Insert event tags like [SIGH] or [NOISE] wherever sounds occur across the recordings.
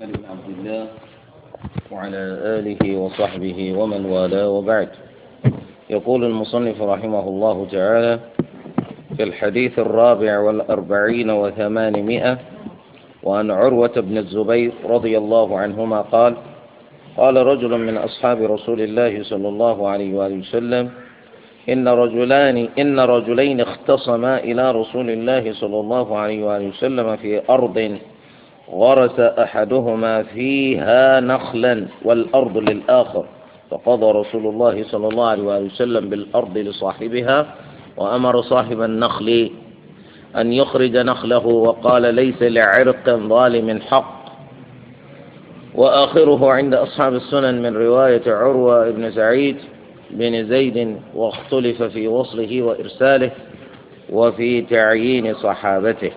محمد بن عبد الله وعلى آله وصحبه ومن والاه وبعد يقول المصنف رحمه الله تعالى في الحديث الرابع والأربعين وثمانمائة وأن عروة بن الزبير رضي الله عنهما قال قال رجل من أصحاب رسول الله صلى الله عليه وآله وسلم إن رجلان إن رجلين اختصما إلى رسول الله صلى الله عليه وآله وسلم في أرض غرس أحدهما فيها نخلا والأرض للآخر فقضى رسول الله صلى الله عليه وسلم بالأرض لصاحبها وأمر صاحب النخل أن يخرج نخله وقال ليس لعرق ظالم حق وآخره عند أصحاب السنن من رواية عروة بن سعيد بن زيد واختلف في وصله وإرساله وفي تعيين صحابته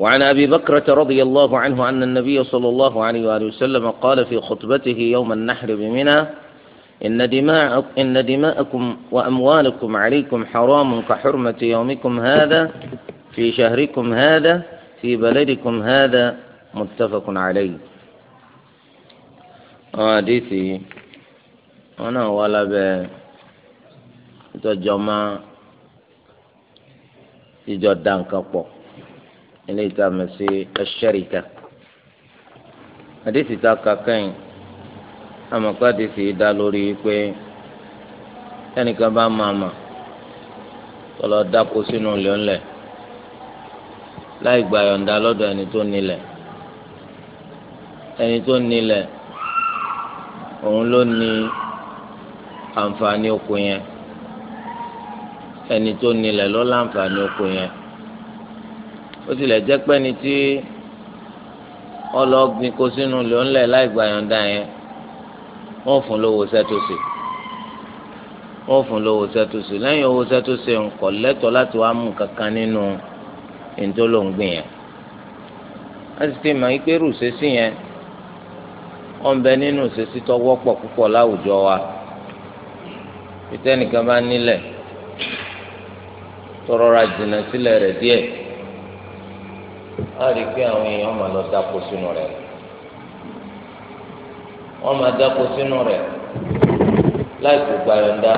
وعن أبي بكرة رضي الله عنه أن النبي صلى الله عليه وآله وسلم قال في خطبته يوم النحر بمنى إن, دماء إن دماءكم وأموالكم عليكم حرام كحرمة يومكم هذا في شهركم هذا في بلدكم هذا متفق عليه آه، حديثي أنا ولا ب تجمع في dá nǹkan ilé ìtààmì sí ẹṣẹ́ríkà àdìsí ta kàkẹ́yìn àmọ́kọ́ àdìsí dá lórí pé ẹnìkan bá máa mà tọlọ dáko sínú láì yọ̀ǹda lọ́dọ̀ ẹni tó nílẹ̀ ẹni tó ó tilẹ̀ jẹ́ pé ni tí ọlọ́gbìn kó sínú lóńlẹ̀ láì gba yọ̀ǹda yẹn wọ́n fún lówó sẹ́tòsí wọ́n fún lówó sẹ́tòsí lẹ́yìn owó sẹ́tòsí ńkọ̀ lẹ́tọ̀ọ́ láti wá mú kankan nínú ìdólóńgbìn yẹn wọ́n ti ti mọ̀ ike rù sẹ́sì yẹn wọ́n bẹ nínú sẹ́sì tó wọ́pọ̀ púpọ̀ láwùjọ wa pété nìkan bá nílẹ̀ tọrọ jìnnà sílẹ̀ rẹ̀ díẹ̀. á rí i pé àwọn èèyàn máa lọ dáko sínú rẹ̀ wọ́n máa sínú rẹ̀ láì kó gbayọ̀ǹda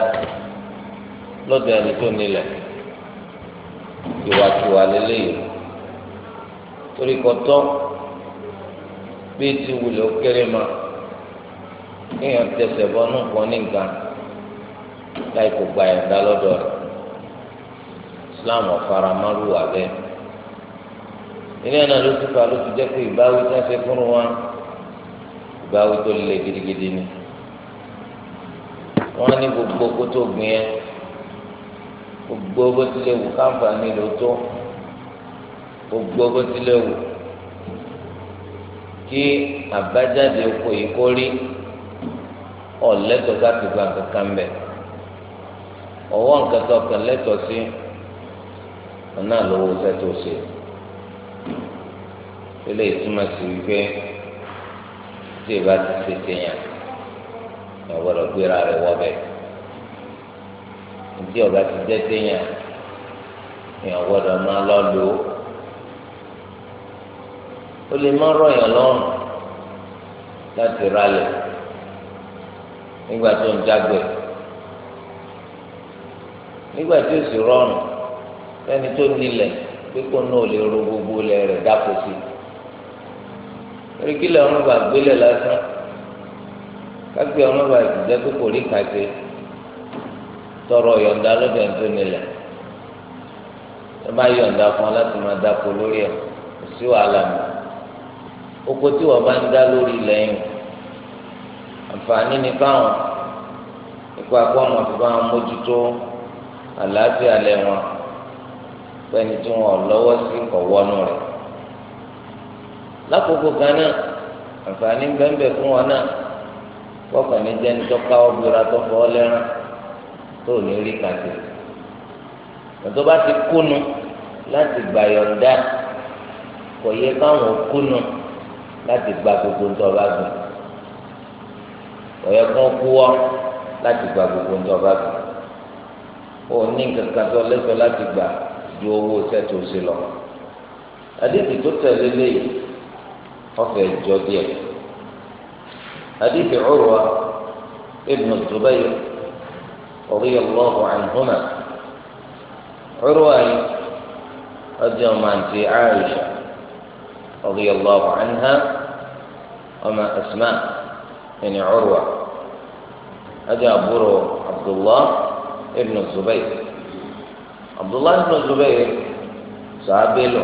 ẹni tó lelee ìwàkiwà lélẹ́yìn torí kọ́tọ́ ti ma kéèyàn tẹsẹ̀ bọ́ nù kan ní nǹkan láì kó Islam bẹ́ẹ̀. ilé náà ló ti fa ló ti jẹ́ pé ìbáwí tí wọ́n ṣe fún wa ìbáwí tó le gidigidi ni wọ́n ní gbogbo kótó gbìn yẹn gbogbo bó tilẹ̀ wù káǹfààní ló tó gbogbo bó tilẹ̀ wù kí àbájáde oko yìí kó rí ọ̀lẹ́tọ̀ láti gba kankan bẹ̀ ọwọ́ nǹkan tó kàn lẹ́tọ̀ sí ọ̀nà lówó sẹ́tò ṣe eléyìí túmọ̀ sí wípé tí ìbá ti ṣe tẹ̀yàn ẹ̀ gbọ́dọ̀ gbéra rẹ̀ wọ́bẹ̀ ìdí ọ̀gá ti jẹ́ tẹ̀yàn ẹ̀ gbọ́dọ̀ máa lọ lò ó ó lè má rọ̀yàn lọ́rùn láti ralẹ̀ nígbà tó ń jágbẹ̀ nígbà tí ó sì rọrùn lẹ́ni tó nílẹ̀ pé kó náà lè ro gbogbo lẹ̀ rẹ̀ dáko sí i torí kí lọ́rùn bá gbélé lásán kágbé ọmọ bá jẹ́ kó kò rí kàté tọrọ yọ̀ǹda lọ́dọ̀ tó nílẹ̀ ẹ bá yọ̀ǹda fún ọ láti máa dáko lórí ẹ̀ kò sí wàhálà mi oko tí wọ́n bá ń dá lórí lẹ́yìn àǹfààní ni báwọn ikú akọ́ ọmọ fi bá wọn mójútó àlàáfíà lẹ́wọ̀n pẹ́ni tí wọ́n lọ́wọ́ lákòókò kan náà àǹfààní bẹ́ẹ̀nbẹ́ẹ̀ fún wọn náà kọ́kàn ní jẹ́ni tó káwọ́ búra tó fọ́ lẹ́rán tó ní rí kàtì tọ́tọ́ bá ti kúnu láti gbà yọ̀ǹda kò yẹ káwọn kúnu láti gba gbogbo ń tọ́ba gbà kò yẹ kán kú wọ́ láti gba gbogbo ń tọ́ba gbà ó ní kankan tó lẹ́tọ̀ọ́ láti gbà ju owó sẹ́tò sí lọ. adébìtò tẹ̀lé léyìí. ọfẹ jọ díẹ̀ hadithi Urwa ibn Zubayr radiyallahu anhuma Urwa yìí ọjọ màǹtí Aisha radiyallahu anha ọmọ Asma ẹni Urwa ọjọ àbúrò Abdullah ibn Zubayr Abdullah ibn Zubayr sàábẹ lọ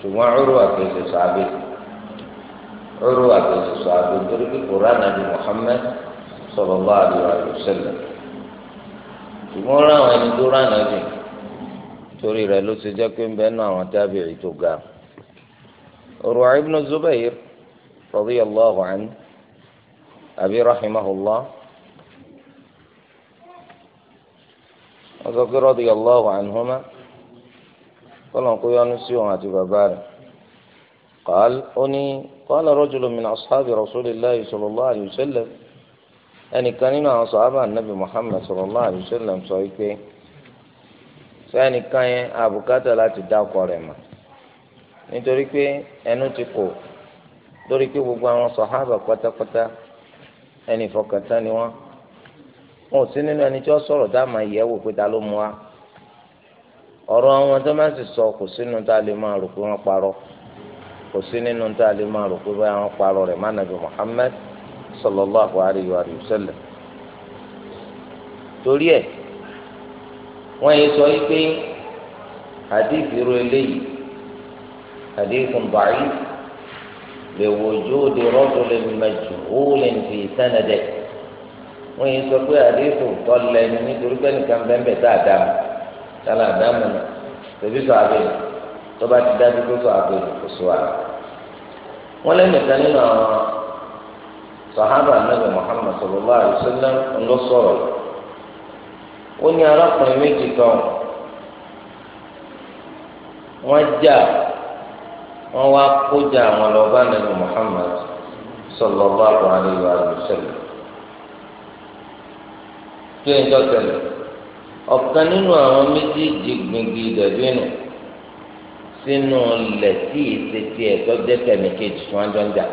ṣùgbọ́n Urwa kìí ṣe sàábẹ lọ. عروة بن سعد بن قرآن أبي محمد صلى الله عليه وسلم ṣùgbọ́n ráwọn ẹni tó ránà jù torí rẹ̀ ló ṣe jẹ́ pé ń bẹ náà àwọn tábìrì tó ga Urwa ibn Zubayr radiyallahu anhu àbí rahimahullah wọ́n sọ pé radiyallahu anhuma kọ́lọ̀ ń kó yọnu sí òun àti bàbá rẹ̀. قال أني قال رجل من أصحاب رسول الله صلى الله عليه وسلم أني كان من أصحاب النبي محمد صلى الله عليه وسلم صحيح sẹ́ni kan yẹn àbùkátà láti dá ọkọ rẹ̀ mọ̀ nítorí pé ẹnu ti kò lórí pé gbogbo àwọn sọ̀hábà pátápátá ẹni ìfọkàntán ni wọ́n wọn ò sí nínú ẹni tí wọ́n sọ̀rọ̀ dá máa yẹ̀ wò pé ta ló mú wa ọ̀rọ̀ àwọn tó máa ń sì sọ kò sínú tá a lè máa rò pé wọ́n parọ́ kò sí nínú tá a lè máa rò pé báyà wọn parọ́ rẹ̀ mánàbí Muhammad sallallahu alayhi wa sallam torí ẹ̀ wọ́n yìí sọ pé hadith irú eléyìí hadith bàáyì lè wòjú di rọ́dùlẹ̀ majhulin fi sanadẹ̀ wọ́n yìí sọ pé hadith tọ́lẹ̀ nítorí pé nìkan bẹ́ẹ̀ bẹ́ẹ̀ tá a dá mu tá a dá mu tẹ̀bí sọ àbẹ̀yẹ. tọba ti dájú pé sọ àgbẹ̀ kò sọ wọn lẹ́nìkan nínú àwọn sahaba anabi muhammad sallallahu alayhi wa sallam ńlọ sọrọ. ó ní arákùnrin méjì kan wọn jà wọn wá kójà àwọn lọba anabi muhammad sallallahu alayhi wa sallam kí ni dọ́tẹ̀lẹ̀ ọ̀kan nínú àwọn méjì jìgbìngì nù. sínú ilẹ̀ tí ìṣètì ẹ̀tọ́ jẹ́ tẹ̀mí kejì fún adọ́njà.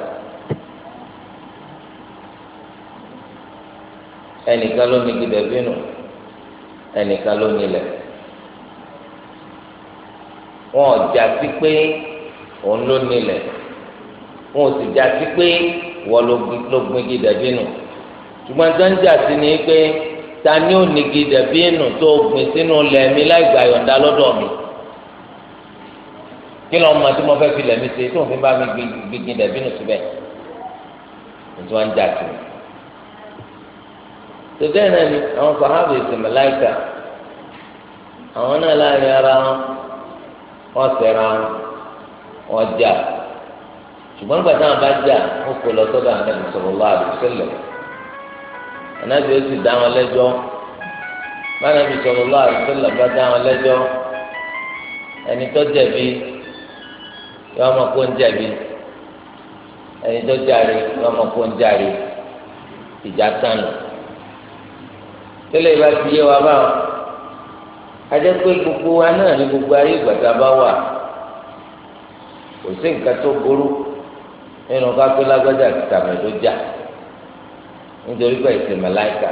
ẹnìkan ló ní gidẹ bínú ẹnìkan ló nílẹ̀ wọn ò já sí pé òun ló nílẹ̀ wọn ò sì já sí pé wọ́n ló gbin gidẹ bínú ṣùgbọ́n adọ́njà sí ni pé ta ni ó ní gidẹ bínú tó gbin sínú ilẹ̀ mi láì gbà yọ̀ǹda lọ́dọ̀ mi kí lọ́ mọ tí mo fẹ́ fi lẹ́mí ṣe tó ń fi bá mi gbígbin dẹ̀bínú síbẹ̀ nítorí wọn ń jà tù. tòtẹ́ náà ni àwọn sàhábà èsì mẹ́láìkà àwọn náà láàrin ara wọn wọ́n sẹ̀ra wọn wọ́n jà ṣùgbọ́n nígbà táwọn bá jà wọ́n kó lọ sọ́dọ̀ ànábì sallallahu alaihi wasallam ànábì ó sì dá wọn lẹ́jọ́ bá ànábì sallallahu alaihi wasallam bá dá wọn lẹ́jọ́ ẹni jẹ̀bi yọ ọmọ kó ń jẹ̀bi ẹni tó jàre yọ ọmọ kó ń jàre ìjà kánú tẹ́lẹ̀ ìbá ti yé wa báwọn ajẹ pé gbogbo wa náà ní gbogbo ayé ìgbàdá bá wà kò sí nǹkan tó burú nínú ká pé lágbájá àti tàmẹ̀dó jà nítorí pé ìsìnmọ̀ láìka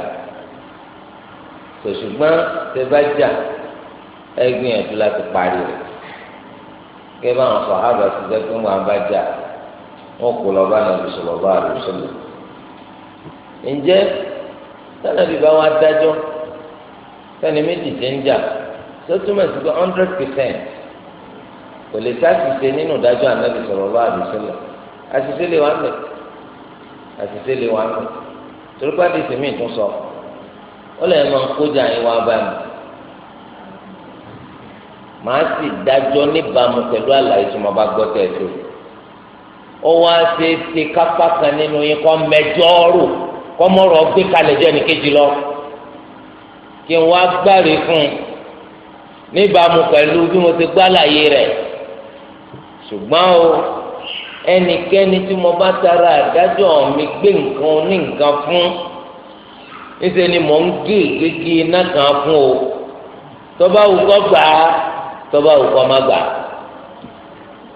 tòṣùgbọ́n tẹ bá jà ẹ gbìyànjú láti parí rẹ̀ kí bá àwọn sọ̀hábà ti jẹ́ pé wọ́n bá jà wọ́n kó lọ bá nàbì sọ̀rọ̀ bá àdùsọ̀lẹ̀. ǹjẹ́ sànàbì bá wọn adájọ́ sani méjì ti ń jà tó túmọ̀ sí pé hundred percent kò lè sàṣìṣe nínú ìdájọ́ ànábì sọ̀rọ̀ bá àdùsọ̀lẹ̀ àṣìṣe lè wà mẹ́ àṣìṣe lè wà mẹ́ torípàdé tèmi tún sọ ó lè máa kó jà yín bá mi màá sì dájọ́ níbàámu pẹ̀lú àlàyé tí mo bá gbọ́ tẹ̀sí ó wá ṣe ṣe kápá kan nínú yín kọ́ mẹjọ́ rò kọ́ mọ́rọ̀ gbé kalẹ̀ jẹ́ ní kejì lọ kí n wá gbáre fún un níbàámu pẹ̀lú bí mo ti gbá àlàyé rẹ̀ ṣùgbọ́n o ẹnikẹ́ni tí mo bá tara àdájọ́ mi gbé nǹkan ní nǹkan fún níṣẹ́ ni mò ń gé gégé iná kan fún o tọ́ba wù kọ́ gbà tọ́ba òkú ọmọ gbà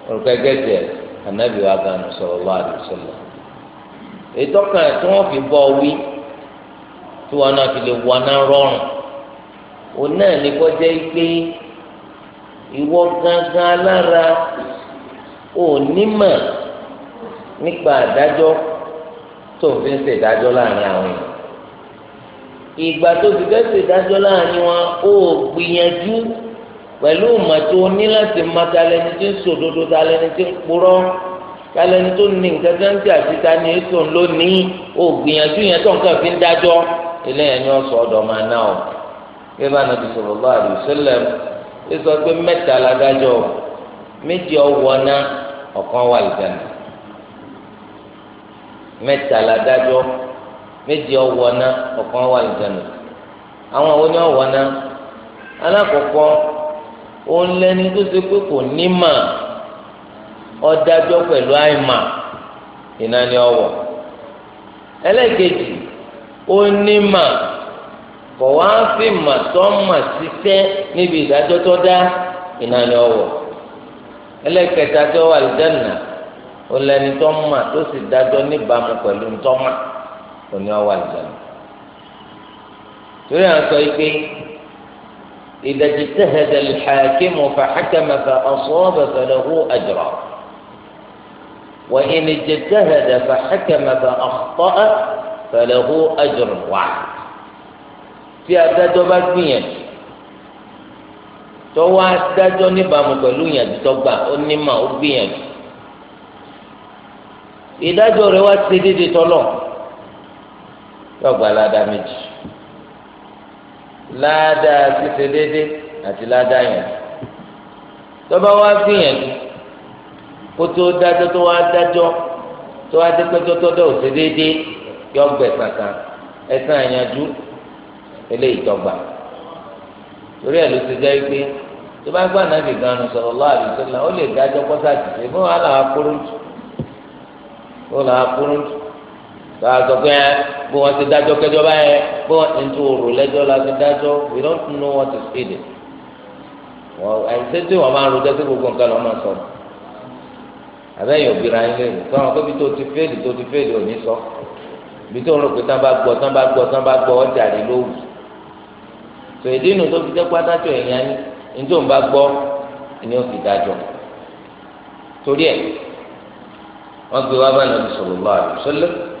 orúkọ ẹgbẹ́ tiẹ̀ anabi wa ganu sallallahu alaihi wasallam ètò kan tí wọ́n fi bọ́ wí tí wọn náà fi lè wọ náà rọrùn òun náà ní kọjá pé ìwọ gangan alára ò nímọ̀ nípa àdájọ́ tó fi ń ṣèdájọ́ láàrin àwọn èèyàn ìgbà tó fi fẹ́ ṣèdájọ́ láàrin wọn ó gbìyànjú pẹ̀lú màtó ní láti má talẹ́ni tí ń sòdodo talẹ́ni tí ń purọ́ talẹ́ni tó ní nǹkan tó ń tẹ̀ àti ta ni ètò ńlónìí ò gbìyànjú yẹn tó nǹkan fi ń dájọ́ eléyàn ni wọ́n ọ̀dọ̀ máa ná o bí bá nàbì sallallahu alaihi wasallam ẹ sọ pé mẹ́ta ládájọ́ méjì ọwọ́ ná ọ̀kan wà lìjànà mẹ́ta ládájọ́ méjì ọwọ́ ná ọ̀kan wà lìjànà àwọn òní ọwọ́ ná alákọ̀ọ́kọ́. ó lẹ́ni tó ṣe pé kò ní mà pẹ̀lú àìmà iná ni ẹlẹ́ẹ̀kejì ó ní mà kò wá fi mà tó ṣiṣẹ́ níbi ìdájọ́ tó dá ni ẹlẹ́ẹ̀kẹta tó wà lùdánà ó lẹ́ni tó mà tó sì dájọ́ níbàámu pẹ̀lú ntọ́mà إذا اجتهد الحاكم فحكم فأصاب فله أجرا وإن اجتهد فحكم فأخطأ فله أجر واحد tí adájọ́ bá gbìyànjú tọwọ́ adájọ́ níbàámu pẹ̀lú ìyànjú tọgbà onímọ̀ ó gbìyànjú ìdájọ́ rẹ̀ wá ti dídì tọ́lọ̀ yóò gba aládàá méjì. ládàá ṣíṣe déédéé àti ládàá yẹn wa wá gbìyànjú kó tó dájọ́ tó wá dájọ́ tó wá dé pẹ́jọ́ tó dọ̀ ṣe déédéé yọ gbẹ̀ kankan ẹ̀sán àyànjú eléyìí tọ́gbà torí ló ti jẹ́ pé tó bá gbà náà lè ganu sallallahu alaihi wasallam ó lè dájọ́ kọ́sà tìṣe fún wàhálà akóró ó là akóró tó bó wọn ti dájọ́ kẹjọ báyẹn bó wọn ti ń tó la ti dájọ́ we don't know what is feeding wọn àìsí tí wọn máa ń rojọ́ sí gbogbo nǹkan lọ máa sọ àbẹ́yìn òbíra yín lè sọ wọn kóbi tó ti fèèlì tó ti fèèlì òní sọ ibi tó ń rò pé tán bá gbọ́ tán bá gbọ́ tán bá gbọ́ ọjà rẹ ló wù tó èdè inú tó fi jẹ́ pátákó èèyàn ní tó ń bá gbọ́ ni ó fi dájọ́ torí ẹ̀ wọ́n gbé wá bá nàbì sallallahu alaihi wasallam.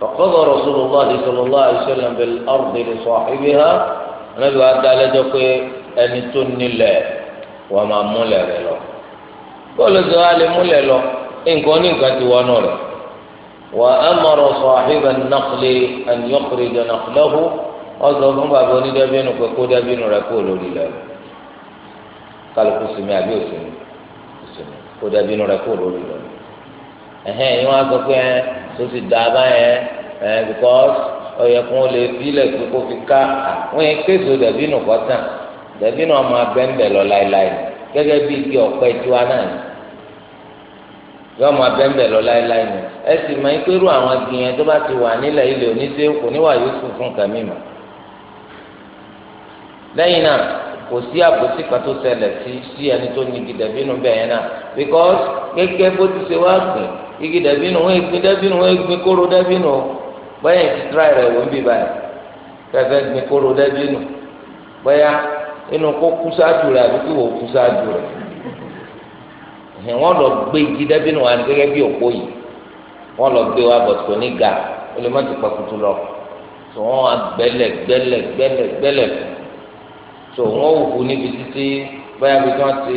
فقضى رسول الله صلى الله عليه وسلم بالأرض لصاحبها النبي عبد الله جوكي أن تني الله وما مولى له قال زوال مولى له إن كوني قد ونور وأمر صاحب النقل أن يخرج نقله ọzọ fún bàbá onídàbínú pé kó dàbínú rẹ kó lórí lẹ kálukú sinmi àbí òsinmi òsinmi kó dàbínú rẹ kó tó sì dá báyẹn ẹ because ọyẹ kún ó lè bílẹ̀ pé kó fi ká àwọn yẹn késo dàbí nù kọ́tàn dàbí nù ọmọ abẹ́ńbẹ̀ lọ láéláé gẹ́gẹ́ bí igi ọ̀pẹ tiwa náà ni yọ ọmọ abẹ́ńbẹ̀ lọ láéláé ni ẹ sì máa ń pérú àwọn igi yẹn tó bá ti wà nílẹ̀ ilẹ̀ oníṣẹ́ kò níwà yóò sùn fún kàmí mọ́ lẹ́yìn náà kò sí àbòsí kan tó ṣẹlẹ̀ sí sí ẹni tó ní igi dàbínù bẹ́ẹ̀ náà because gẹ́gẹ́ bó ti ṣe wá gbìn igi dàbínù wọ́n gbin dàbínù wọ́n gbin kóró dàbínù bẹ́ẹ̀ ti tíra rẹ̀ wọ́n bí báyìí fẹ́fẹ́ gbin kóró dàbínù bẹ́ẹ̀ inú kó kú sáájú rẹ̀ àbí kí wọ́n kú sáájú rẹ̀ ẹ̀hìn wọ́n lọ gbé igi dàbínù wa gẹ́gẹ́ bí òpó yìí wọ́n lọ gbé wa bọ̀tò ní ga pàkútù lọ tó wọ́n wá gbẹ́lẹ̀ gbẹ́lẹ̀ gbẹ́lẹ̀ so wọn ò kú níbi títí báyà bí wọn ti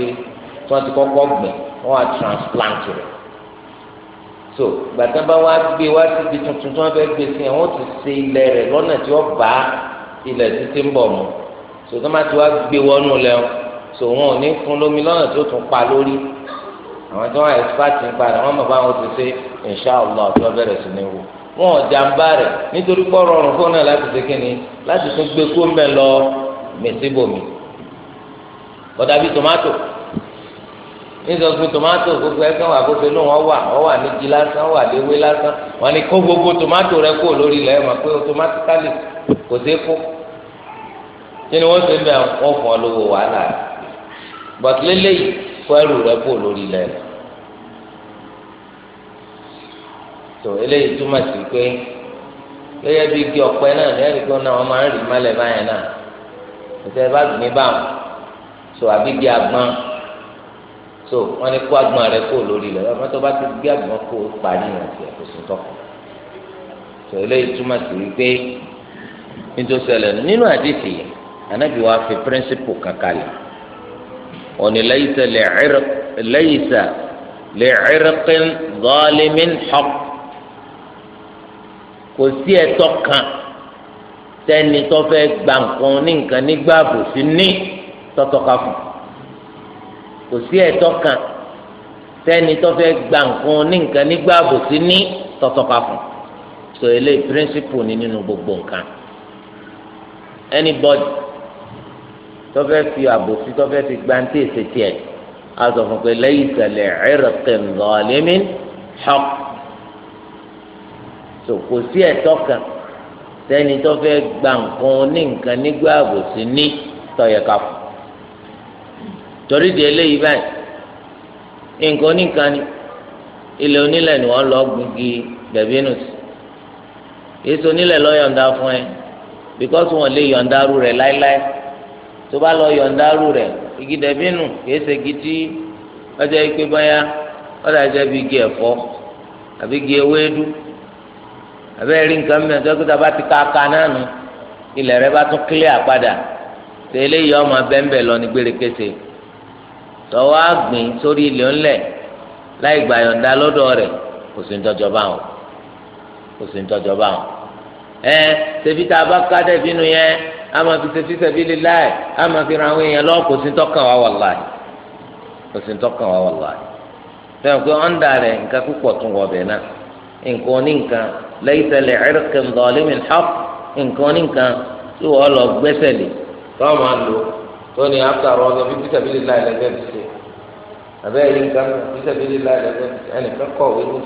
wọn ti kọ́kọ́ gbìn wọn á transplant rẹ so gbàtà bá wá gbé wá síbi tuntun tí wọn fẹ́ẹ́ gbé sí yẹn wọn ti ṣe ilẹ̀ rẹ lọ́nà tí wọn bá ilẹ̀ títí ń bọ̀ mọ́ so tó má ti wá gbé wọnú lẹ o so wọn ò ní fún lómi lọ́nà tó tún pa lórí àwọn tí wọn expert ń padà wọn mọ báwọn ti ṣe inshàlá tí wọn bẹ̀rẹ̀ sí ní wò wọn ò jàǹbá rẹ nítorí pọ rọrùn fún náà láti ṣe kíni láti tún gbé kó mbẹ lọ mẹsíbòmí bọ́dà bíi tomato nítorí pé tomato gbogbo ẹ̀ kàn wà gbogbo ló wọ́n wà wọ́n wà nígi lásán wọ́n wà léwé lásán wọ́n ní kó gbogbo tomato rẹ kó lórí ilẹ̀ ẹ̀ mọ̀ pé automatically kò dé kó kí ni wọ́n ṣe ń bẹ̀ wọ́n fọ́ lówó wàhálà rẹ̀ bọ̀t lélẹ́yìí kó ẹrù rẹ kó lórí ilẹ̀ tó eléyìí túmọ̀ sí pé gẹ́gẹ́ bí igi ọ̀pẹ náà lẹ́yìn pé wọ́n máa ń rì mọ́lẹ̀ báyẹn náà ìtẹ́ bá gbìn bá wọn so àbí bí agbọ́n so wọ́n ní kó agbọ́n rẹ kó lórí rẹ wọ́n tó bá ti gbé agbọ́n kó parí rẹ sí ẹ̀kọ́sùn tọkọ so eléyìí túmọ̀ sí wípé nítorí ṣẹlẹ̀ nínú àdìsí anábì wa fi píríncípù kankan lẹ̀ òní lẹ́yìísà lè ẹ̀rẹ́kín zọ́ọ́límìn hàn kò sí ẹ̀tọ́ kan tẹ́ni tó fẹ́ gba nǹkan ní nǹkan nígbà àbòsí ní tọ́tọ́ka fún kò sí ẹ̀tọ́ kan tẹ́ni tó fẹ́ gba nǹkan ní nǹkan nígbà àbòsí ní tọ́tọ́ka fún so eléyìí píríncípù ni nínú gbogbo nǹkan anybody tó fẹ́ fi àbòsí tó fẹ́ fi gbáǹtì èsì tiẹ̀ azọ fún pé lẹ́yìn ìṣẹ̀lẹ̀ ẹ̀rẹ̀kẹ̀ ńlọ́ọ̀lẹ́mí hàn so kò sí ẹ̀tọ́ kan sẹ́ni tó fẹ́ gba nǹkan ní nǹkan nígbà àbòsí ní tọ̀yẹ̀ ká fún torí di eléyìí báyìí nǹkan oníkan ni ilẹ̀ onílẹ̀ ni wọ́n lọ gbígi dẹ̀bínus èso onílẹ̀ lọ yọ̀ǹda fún ẹ bíkọ́sì wọn lè yọ̀ǹda rú rẹ̀ láéláé tó bá lọ yọ̀ǹda rú rẹ̀ igi dẹ̀bínu kìí ṣe igi tí ọjà ikpe báyà ọ̀dà jẹ́ igi ẹ̀fọ́ àbí igi ewédú Abe eri nǹkan mìíràn tó kúta bá ti aka rẹ bá tún padà tẹ eléyìí ọmọ bẹ́ńbẹ́ lọ ní gbèrèkése tọwọ́ àgbìn sórí ilẹ̀ ńlẹ̀ láì gbàyọ̀ǹda lọ́dọ̀ rẹ kò sí ntọ́jọ́ bá wọn kò sí bá wọn. ẹ tá a bá ká Ama fi ṣèfi ṣèfi lè láì a fi ran àwọn èèyàn kò sí kò sí fẹ́ràn nǹkan oníǹkan laysa li'irqin zalimin haqq nǹkan oníǹkan tí wọ́n lọ gbẹ́sẹ̀ lé tọ́ máa lò tó ní after all ọ̀sẹ̀ bíi bísẹ̀ bíi láì lẹ́gbẹ́ ti ṣe àbẹ́ ẹ̀rí nǹkan bísẹ̀ bíi láì lẹ́gbẹ́ ti ṣe ẹnìkan kọ̀wé ní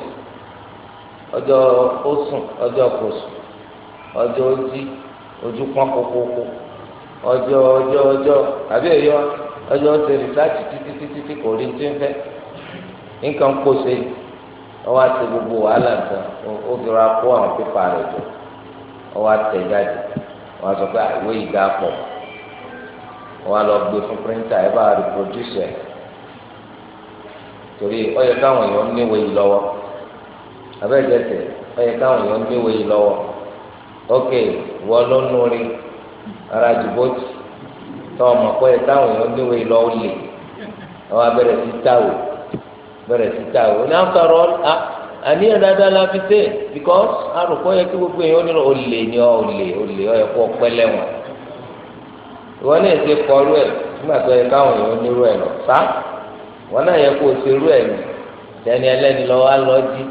ọjọ́ ó sùn ọjọ́ kò sùn ọjọ́ ó jí ojú pọ́n kókókó ọjọ́ ọjọ́ ọjọ́ àbí ẹ̀yọ́ ọjọ́ ó ṣe rìsáàtì títí títí kò rí ní tí ń fẹ́ nǹkan kò ṣe yìí ọwọ́ àti gbogbo wàhálà nǹkan ó fi ra kó àwọn pépà rẹ̀ jọ ọwọ́ àtẹ̀jáde wọ́n sọ pé àìwé ah, ìgbà pọ̀ wọ́n lọ gbé fún píríńtà ẹ bá rìprodúsẹ̀ torí ó yẹ káwọn èèyàn níwèé yìí lọ́wọ́ abẹ́ẹ̀dẹ́sẹ̀ ó káwọn èèyàn níwèé yìí lọ́wọ́ ok wọ́n ló núri ara jìbọ́tì tọ́ ọmọ pé táwọn èèyàn níwèé yìí lọ́wọ́ lè wọ́n abẹ́rẹ́ sí táwọn. bẹ̀rẹ̀ síta o ní after all àníyàn dáadáa la fi dé because arúgbó yẹ kí gbogbo yẹn ó nílò olè ni ọ olè olè ọ yẹ kó ọpẹ lẹ́wọ̀n ìwọ náà ṣe kọrú ẹ nígbà tó yẹ káwọn ẹ lọ sá ìwọ náà yẹ kó o ṣe rú ẹ lọ jí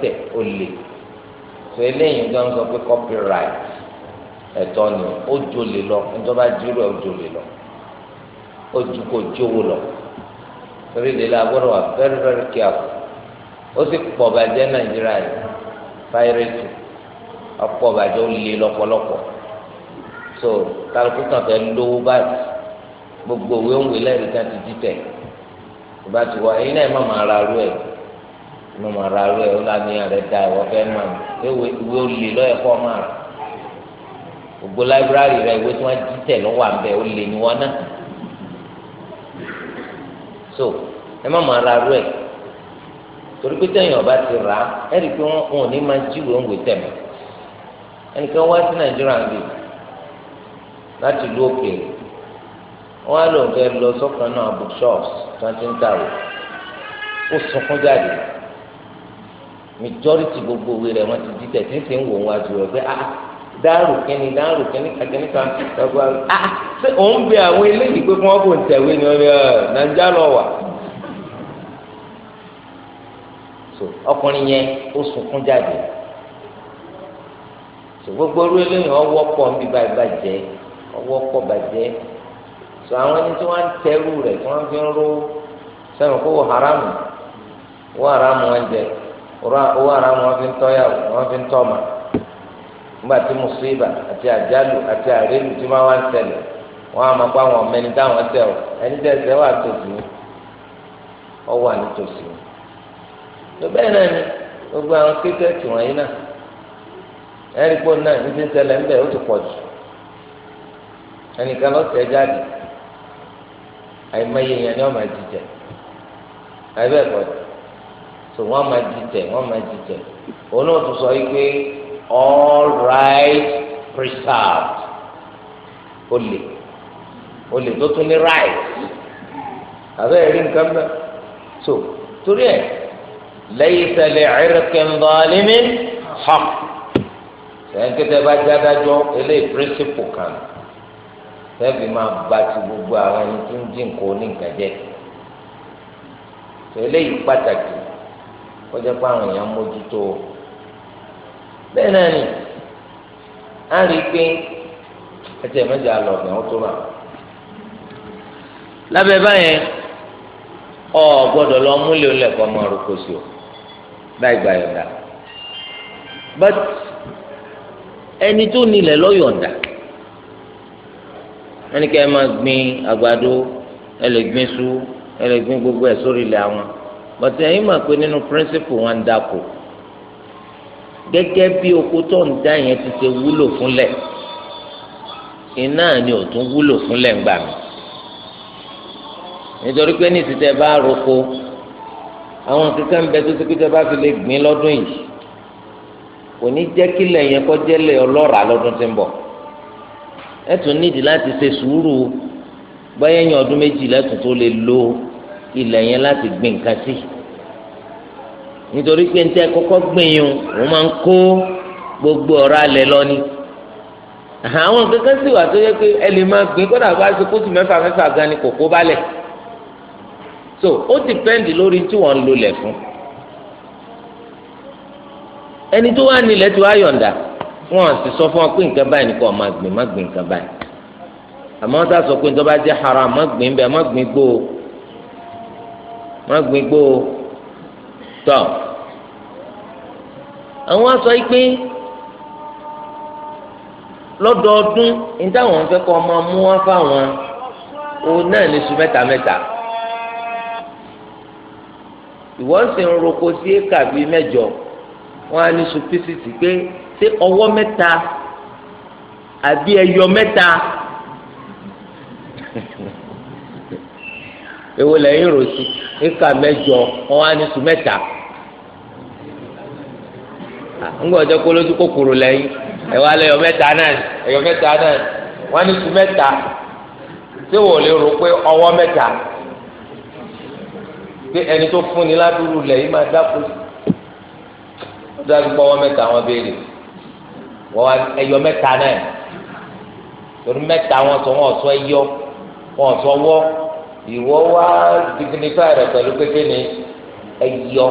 tó eléyìí gan sọ pé copyright ẹ̀tọ́ ni lọ lọ ju kó jówó lọ. torí lè la wà very very careful ó sì pọ̀ bàjẹ́ nàìjíríà yìí pirate ọ̀pọ̀ bàjẹ́ ó le lọ́pọ̀lọpọ̀ so kálukú kan fẹ́ lówó báyìí gbogbo òwe òwe lẹ́rìí kan ti di tẹ̀ ìbá ti wá ẹ̀yin náà ẹ̀ má máa ra arú ẹ̀ má máa ra arú ẹ̀ ó lánìyàn rẹ̀ da ìwọ fẹ́ mà mí ìwé ó le lọ́yẹ̀ kọ́ máa rà gbogbo láìbírárì rẹ̀ ìwé tí wọ́n di tẹ̀ lọ́wọ́ àbẹ̀ ó le ní wọn náà. so ẹ má máa ra rú ẹ torí pé ọba ti rà á ẹ rí i pé wọn ò ní máa jíwèé òǹwé tẹ̀mọ ẹnìkan wá sí nàìjíríà ń bì láti ìlú òkèèrè wọn á lò ń fẹ́ lọ sọ́kàn ó jáde majority gbogbo owó ti ń dáàrú kínní dáàrú kínní kàkínní kan ah, ah ṣé òun bẹ àwọn eléyìí pé fún kò ń tẹ̀wé ni ọ̀rẹ́ nàìjíríà lọ wà. ọkùnrin yẹn ó sunkún jáde gbogbo orí eléyìí ọwọ́ pọ̀ ń bí bàjẹ́ ọwọ́ pọ̀ bàjẹ́ sọ àwọn ẹni tí wọ́n ń tẹ́rù rẹ̀ tí haramu wọ́n haramu wọn jẹ haramu wọn fi ń fi ń nígbà tí mùsíbà àti àjálù àti àrélù tí máa wá ń tẹ̀lé wọn á máa pa àwọn ọmọ ẹni ẹni wà tòsí ọ wà nítòsí tó bẹ́ẹ̀ náà ni gbogbo àwọn kékeré wọ̀nyí náà ẹ̀rí náà ní ti ń tẹ̀lé ń bẹ̀ ó ti pọ̀ jù ẹnìkan lọ́sẹ̀ jáde yẹn ni wọ́n máa jíjẹ àìbẹ́ẹ̀ pọ̀ tó wọ́n máa jíjẹ wọ́n máa òun náà sọ yìí pé. all rights preserved ó lè ó lè tó tún ní rights àbẹ́ ẹ̀rí nǹkan bẹ́ẹ̀ so torí ẹ̀ laysa li'irqin zalimin haqq sẹ́ńkẹ́tẹ́ bá já dájọ́ eléyìí píríncípù kan sẹ́ẹ̀bì máa ba ti gbogbo àwọn ẹni tí ń dín nǹkan oníǹkan jẹ́ eléyìí pàtàkì kọjá pé àwọn mójútó bẹ́ẹ̀ náà ni a rí i pé ẹsẹ̀ mẹ́jọ alọ̀ ọ̀gbìn ọ̀tún ọ gbọ́dọ̀ lọ múlẹ̀ ọmọ sí o láì gba yọ̀ǹda but ẹni tó nílẹ̀ lọ wọ́n ní kí ẹ máa gbin àgbàdo ẹ lè gbin su ẹ gbin gbogbo ẹ̀ sórí ilẹ̀ àwọn but ẹ̀yin máa pé nínú principle wọn gẹ́gẹ́ bí oko tó ń dá yẹn ti ṣe wúlò fúnlẹ̀ iná ni ò tún wúlò fúnlẹ̀ ńgbà mi nítorí pé ní ìsìtẹ́ bá roko àwọn kankan bẹ tó ti pété bá fi lè gbìn lọ́dún yìí kò ní jẹ́ kílẹ̀ yẹn kọjá lè ọlọ́ràá lọ́dún tí ń bọ̀ ẹ tún nídìí láti ṣe sùúrù báyẹn yẹn ọdún méjì lẹ́tùn tó lè lo ilẹ̀ yẹn láti gbìn nǹkan sí i nítorí pé ntẹ kọ́kọ́ gbìyàn wọn máa ń kó gbogbo ọ̀rọ̀ alẹ́ lọ ni àwọn kankan sì wà tó yẹ pé ẹ lè máa gbìn kódà bá ṣe kóòtù mẹ́fà mẹ́fà gan ni kò kó balẹ̀ so ó dìpẹ́ǹdì lórí tí wọ́n ń lólẹ̀ fún ẹni tó wà nílẹ̀ tí wàá yọ̀ǹda wọn sì sọ fún ọ pé nǹkan báyìí nìkan máa gbìn má gbìn nǹkan báyìí àmọ́ wọ́n sá sọ pé nítorí bá jẹ́ haram má gbìn bẹ́ẹ̀ má gbìn gbó má gbìn gbó tọ́ àwọn sọ pé lọ́dọọdún ní táwọn fẹ́ kọ́ ọmọ mú wá fáwọn òun náà ní su mẹ́ta mẹ́ta ìwọ sì ń roko sí éka bíi mẹ́jọ wọn á ní su písìtì pé ṣé ọwọ́ mẹ́ta àbí ẹyọ mẹ́ta [LAUGHS] èwo lẹ́yìn rò sí éka mẹ́jọ wọn á ní su mẹ́ta ńgbà ọjọ́ kó lójú kòkòrò lẹ́yìn ẹ̀wọ́ alẹ́ ẹ̀yọ mẹ́ta náà ẹ̀yọ mẹ́ta náà wọ́n ní tu mẹ́ta tí wò lè rò pé ọwọ́ mẹ́ta pé ẹni tó fún ni ládùúrú lẹ́yìn máa dáko ó dájú pé ọwọ́ mẹ́ta wọn béèrè wọ́n wá ẹ̀yọ mẹ́ta náà torí mẹ́ta wọn sọ wọn sọ ẹyọ wọn sọ wọ́ ìwọ́ wá dignify rẹ̀ pẹ̀lú kékeré ẹyọ.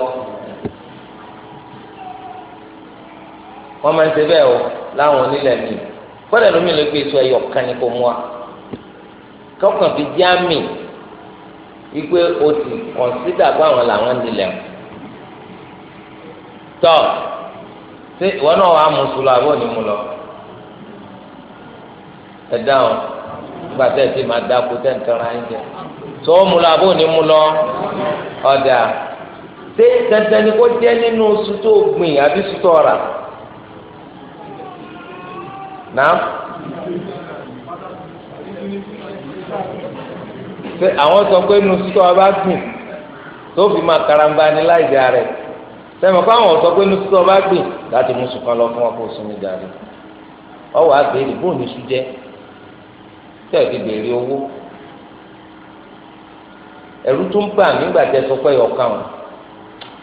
wọ́n máa ń ṣe bẹ́ẹ̀ o láwọn onílẹ̀ mi gbọ́dọ̀ lómi lè gbé èso ẹyọ kan ní kò mú wa kọ́kàn fi já mi wípé o ti kọ̀nsídà báwọn làwọn nílẹ̀ o tọ́ ṣé ìwọ náà wàá mú sùlọ àbọ̀ ni mo lọ ẹ dáhùn nígbà tẹ́ ẹ ti máa dáko tẹ́ ń tọ́ra ẹ jẹ tó mú lọ àbọ̀ ni mo lọ ọ̀dà ṣé dandan ni kó jẹ́ nínú oṣù tó gbìn àbí oṣù tó rà náà ṣe àwọn sọ pé nu sítọ́ ọba gbìn tó fi máa karamba ni láì dá rẹ̀ sẹ́mi fáwọn sọ pé nu sítọ́ ọba gbìn láti mú sùn kan lọ fún wọn kó sinmi dàrí ọwọ́ àgbèrè bóun ní sùn jẹ́ tẹ̀ fi béèrè owó ẹ̀rù tún bà mí gbàtẹ́ sọ pé ọ̀kan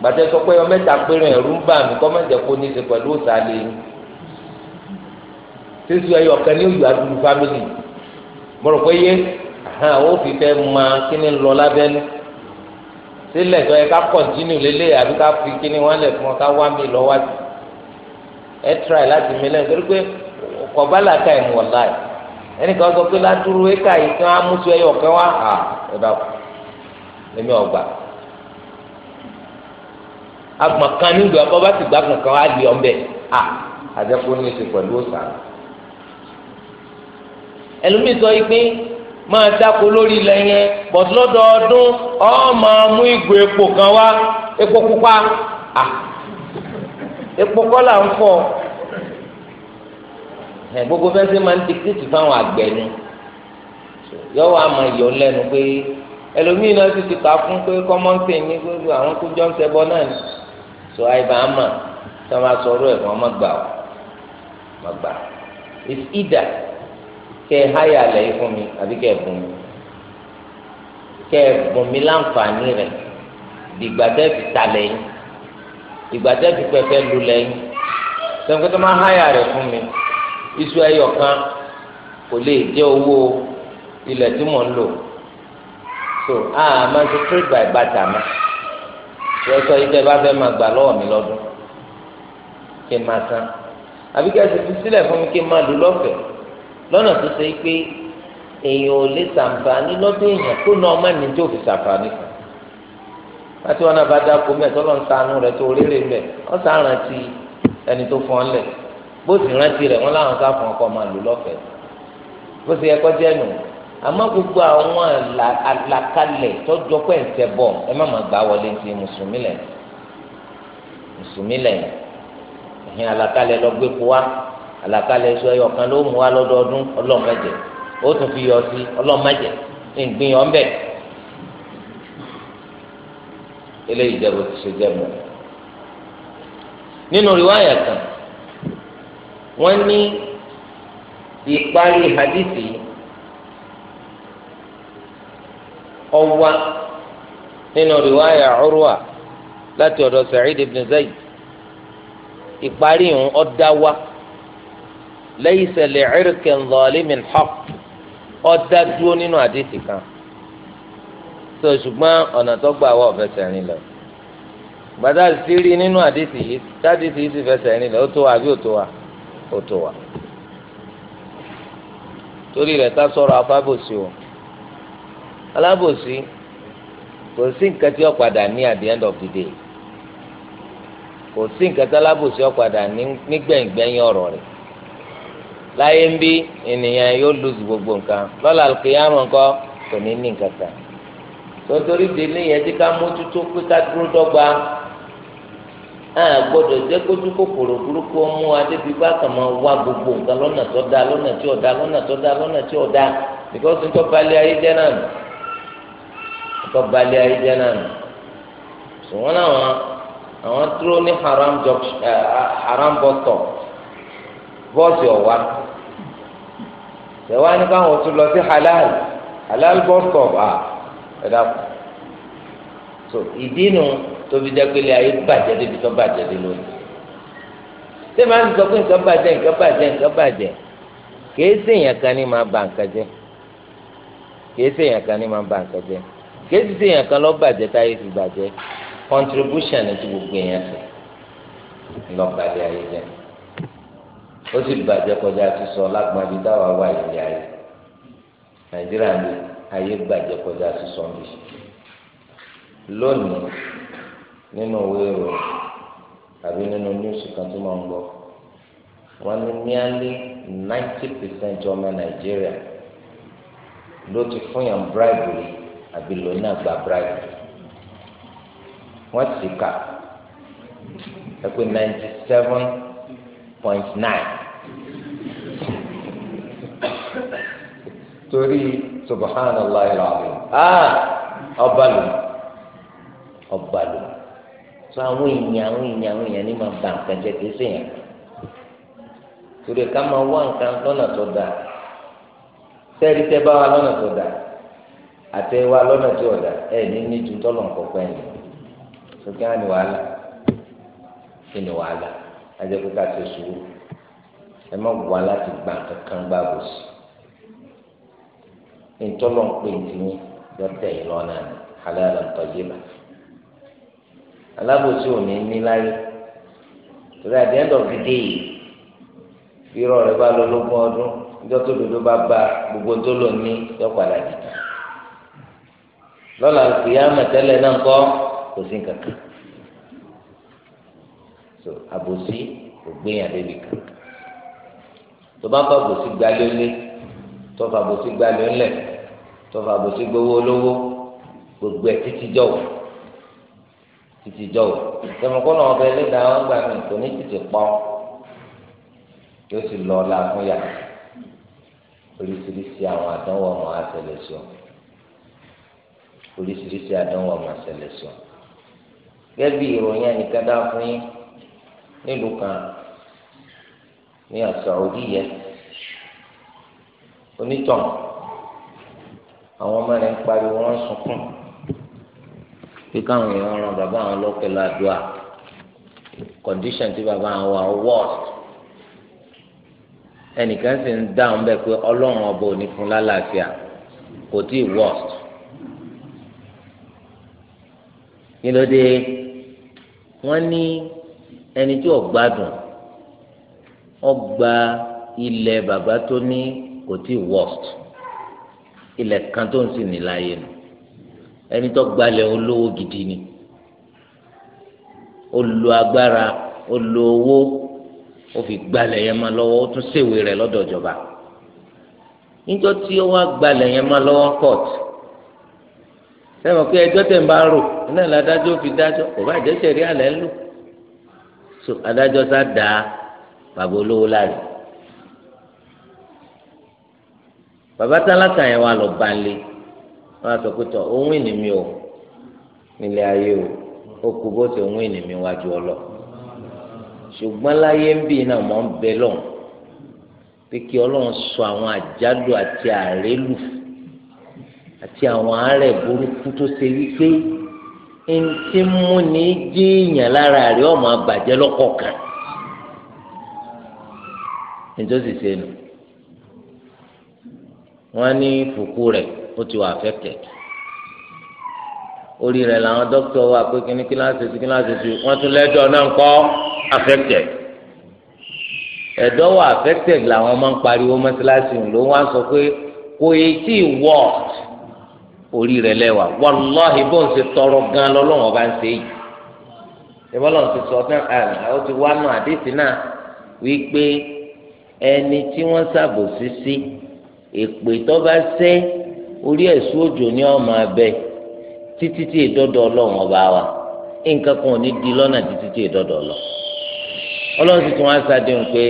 gbàtẹ́ sọ pé ọmẹ́ta péré ẹ̀rù ń bà mí kọ́ mẹ́jẹ̀ kó ní í ṣe pẹ̀lú òsàlẹ̀ yìí sísú ẹyọ ọ̀kan ní òjò àdúgbò fámìlì mọ̀rọ̀ pé yé hàn ó fi fẹ́ mọ kíni lọ lábẹ́nu sílẹ̀ tó yẹ ká kọ̀ntínú lélẹ̀ àbí ká fi kíni wọn lẹ̀ fún ọ ká wá mi lọ wájú ẹ tíra láti mi lẹ́nu torí pé kọ̀ọ̀bá làákà ẹ̀ ń wọ̀ láì ẹnìkan sọ pé ládùúrú éka yìí kí wọ́n á mú sí ẹyọ ọ̀kan wá hà ẹ bá kú lẹ́mi ọ̀gbà agbọ̀n kan nílùú ọba ti gbàgbọ̀n kan wá lé ọ̀ à àjẹkù ní ti pẹ̀lú òsàn ẹlòmíì sọ yìí pé máa dáko lórí ilẹ̀ yẹn bọ̀dú lọ́dọọdún ọ máa mú ìgò epo kan wá epo pupa à epo kọ́là ń fọ ẹ gbogbo fẹsẹ̀ máa ń dikítì fáwọn àgbẹ̀ ni yọ̀wọ́ àmọ̀ yọ̀ lẹ́nu pé ẹlòmíì náà sì ti kà fún pé kọ́mọ́ǹtì ní gbogbo àwọn tó jọ ń ṣẹbọ náà ni sọ àìbá àmọ̀ tí wọ́n sọ ọ̀rọ̀ ẹ̀ wọ́n má gbà ọ́ má gbà it's kẹ háyà lẹ́yìn fún mi àbí kẹ bùn mi kẹ bùn mi láǹfààní rẹ̀ dìgbà tẹ́ fi ta lẹ́yìn dìgbà tẹ́ fi pẹpẹ lu lẹ́yìn sẹ́ńkọ́tọ́ máa háyà rẹ̀ fún mi iṣu ẹyọ kan kò lè jẹ́ owó ilẹ̀ tí mò ń lò so a máa ṣe trade by barter ma wọ́n sọ yìí bá fẹ́ máa gbà lọ́wọ́ mi lọ́dún kí n máa san àbí kí fi sílẹ̀ fún mi kí n máa lò lọ́fẹ̀ẹ́. lọ́nà tó ṣe pé èèyàn ò lè ṣàǹfààní lọ́dún èèyàn tó ná ọmọ ẹni tó fi kan láti wọn náà bá dáko mẹ tọ́lọ́ ń sànú rẹ tó réré mẹ wọ́n sá rántí ẹni tó fọ́n lẹ̀ bó sì rántí láwọn sá lọ́fẹ̀ẹ́ bó sì yẹ nù àmọ́ gbogbo àlàkalẹ̀ iṣu ẹyọ kan ló mú wa lọ́dọọdún ọlọ́mọdé ó tún fi yọ sí ọlọ́mọdé ìgbìn yọ̀ ń bẹ̀. eléyìí jẹ́ bó ti ṣe jẹ́ mọ́. nínú riwaya kan wọ́n ní ìparí hadithi ọwa nínú riwaya Urwa láti ọ̀dọ̀ Sa'id ibn ìparí ìhun ọ̀dá wa laysa li'irkin zalimin haqq ọ̀dá dúró nínú àdìsí kan so ṣùgbọ́n ọ̀nà tó gbà wọ́ ọ̀fẹ́sẹ̀ rìn lọ gbàdá sí rí nínú àdìsí yìí tádìsí yìí sì fẹsẹ̀ rìn lọ ó tó wa àbí ó tó wa ó tó wa torí rẹ̀ ká sọ̀rọ̀ afábòsí o alábòsí kò sí nǹkan tí ó padà ní at the end of the day kò sí nǹkan tí alábòsí ó padà ní nígbẹ̀ngbẹ̀yìn ọ̀rọ̀ rẹ̀ láyé ń bí ènìyàn yóò lùzù gbogbo nǹkan lọ́la kìyàmù ńkọ́ kò ní ní nǹkan kan tòtòrí délé yẹn tí ká mójútó pé ká dúró dọ́gba àgbọ́dọ̀ jẹ́ kójú kòkòrò burúkú ọmú adébí bá kàn máa wá gbogbo nǹkan lọ́nà tó dáa lọ́nà tí ò dáa lọ́nà tó dáa lọ́nà tí ò dáa because ntọ́ balẹ̀ ayé jẹ́ náà nù ntọ́ balẹ̀ ayé jẹ́ náà nù ṣùgbọ́n náà àwọn dúró ní haram junction eh, haram bọ́tọ̀ bọ́ọ̀sì ọ̀wá ṣẹ̀wá ní káwọn tún lọ sí halal halal bus stop à ẹ dàpọ̀ so ìdí nu tóbi jẹ́ pé ilé ayé bàjẹ́ débi tó bàjẹ́ dé lónìí ṣé máa ń sọ pé nǹkan bàjẹ́ nǹkan bàjẹ́ nǹkan bàjẹ́ kìí ṣèyàn kan ní máa bà nǹkan jẹ́ kìí ṣèyàn kan ní máa bà nǹkan jẹ́ kìí sì ṣèyàn kan lọ bàjẹ́ táyé fi bàjẹ́ contribution ti gbogbo èèyàn sọ lọ bàjẹ́ ayé jẹ́ ó sì bàjẹ́ kọjá ti sọ lágbàdì dáwà wà ilé ayé nàìjíríà ní ayé bàjẹ́ kọjá ti sọ níbi lónìí nínú òwe ìròyìn tàbí nínú níwùsì kan tó máa ń gbọ́ wọ́n ní nearly ninety percent ọmọ nàìjíríà ló ti fún yàn bribery àbí lòun náà gba bribery wọ́n ti kà ẹ pé ninety seven point nine torí subhanallah ilahi ah ọba lò ọba lò tó àwọn èèyàn àwọn èèyàn àwọn èèyàn ní máa ba nǹkan jẹ kìí sèyàn torí ká máa wá nǹkan lọ́nà tó dáa sẹ́ẹ̀rí tẹ́ bá wa lọ́nà tó dáa àtẹ wa lọ́nà tí ọ̀dà ẹ̀ ní ní ju tọ́lọ̀ nǹkan pẹ́ẹ́nì sókè á ní wàhálà kí ni wàhálà ajẹ́ pé ká ṣe sùúrù ẹ má wà láti gbà kankan gbà bò sí ntọ́lọ̀ ń pè ní dọ́tẹ̀ ìlọ́nà halala tayyiba alábòsí ò ní ní láyé torí at the end of the day irọ́ rẹ̀ bá lọ lógún ọdún ìjọ tó dodo bá ba gbogbo tó lò ní yọ padà dìtà lọ́la kìyàmẹ̀tẹ́lẹ̀ náà kọ́ kò sí nǹkan so àbòsí kò gbéyàn débi kan tó bá ń fa àbòsí gbalé lé tó fa àbòsí gbalé ńlẹ̀ tó fa àbòsí gbowó olówó gbogbo ẹ̀ títí jọ̀wọ́ títí jọ̀wọ́ tẹmọkọ́nà ọbẹ̀ lẹ́dàá wọn gbà mí kò ní títí pọ́ yóò sì lọ ọ̀la fún yà oríṣiríṣi àwọn àdánwò ọmọ àtẹlẹ sọ oríṣiríṣi àdánwò ọmọ àtẹlẹ sọ gẹ́gẹ́ ìròyìn ẹnìkan dá fún yín nílùú kan ní àsàwòdì yẹ onítàn àwọn ọmọ rẹ̀ ń pariwo wọ́n sunkún pé káwọn èèyàn ran bàbá àwọn lọ́pẹ̀ ládùá kọ̀ǹdíṣàn tí bàbá àwọn wà wọ́ọ̀t ẹnìkan sì ń dáhùn bẹ́ẹ̀ pé ọlọ́run ọba ò ní fún lálàáfíà kò tí ì wọ́ọ̀t kí ló dé wọ́n ní ẹni tí ó gbádùn ó gba ilẹ̀ bàbá tó ní kò tí ì worst ilẹ̀ kan tó ń sì ní láàyè nù ẹni tó gbalẹ̀ olówó gidi ni ó lo agbára ó lo owó ó fi gbalẹ̀ yẹn máa lọ́wọ́ ó tún ṣèwé rẹ̀ lọ́dọ̀ ìjọba níjọ́ tí ó wá gbalẹ̀ yẹn máa lọ́wọ́ court sẹ́wọ̀n pé ẹjọ́ tẹ̀ ń bá rò náà ládájọ́ fi dájọ́ kò bá jẹ́ sẹ̀rí àlẹ́ ń lò so adájọ́ sá dá bàbá olówó láre bàbá tálákà yẹn wà lọ balẹ wọn sọ pé tọ òun ìní mi o nílé ayé o ó kú bó ti òun ìní mi wájú ọ lọ ṣùgbọ́n láyé ń bì náà mọ̀ ń bẹ lọ́hùn pé kí ọlọ́run sọ àwọn àjálù àti àrélù àti àwọn àárẹ̀ burúkú tó ṣe wípé ntí mú ní jíìyàn lára rẹ ọmọ àgbàjẹ lọ́kọ̀ọ̀kan nítòsí sẹnu wọn ní fùkú rẹ ó ti wà affected orí rẹ làwọn dókítà wà pé kíní kíláàsì sí kíláàsì sí wọn tún lẹdọ náà ń kọ affected ẹ̀dọ̀ wà affected làwọn máa ń pariwo mọ́sálásí ló wá sọ pé kò yẹ tí wọ́ọ̀tì. orí rẹ lẹwà wàláhì bó ń ṣe tọrọ gan lọ́lọ́run ọba ń ṣe yìí ìbọn lọ́run ti sọ fún ẹ ọ ti wá nù náà wípé ẹni tí wọn ṣàbòsí sí èpè ṣe orí òjò ní ọmọ abẹ títí tí ìdọdọ ọba wa nǹkan kan ò ní di lọ́nà títí tí ìdọdọ ọlọ ti tún wá ṣàdéhùn pé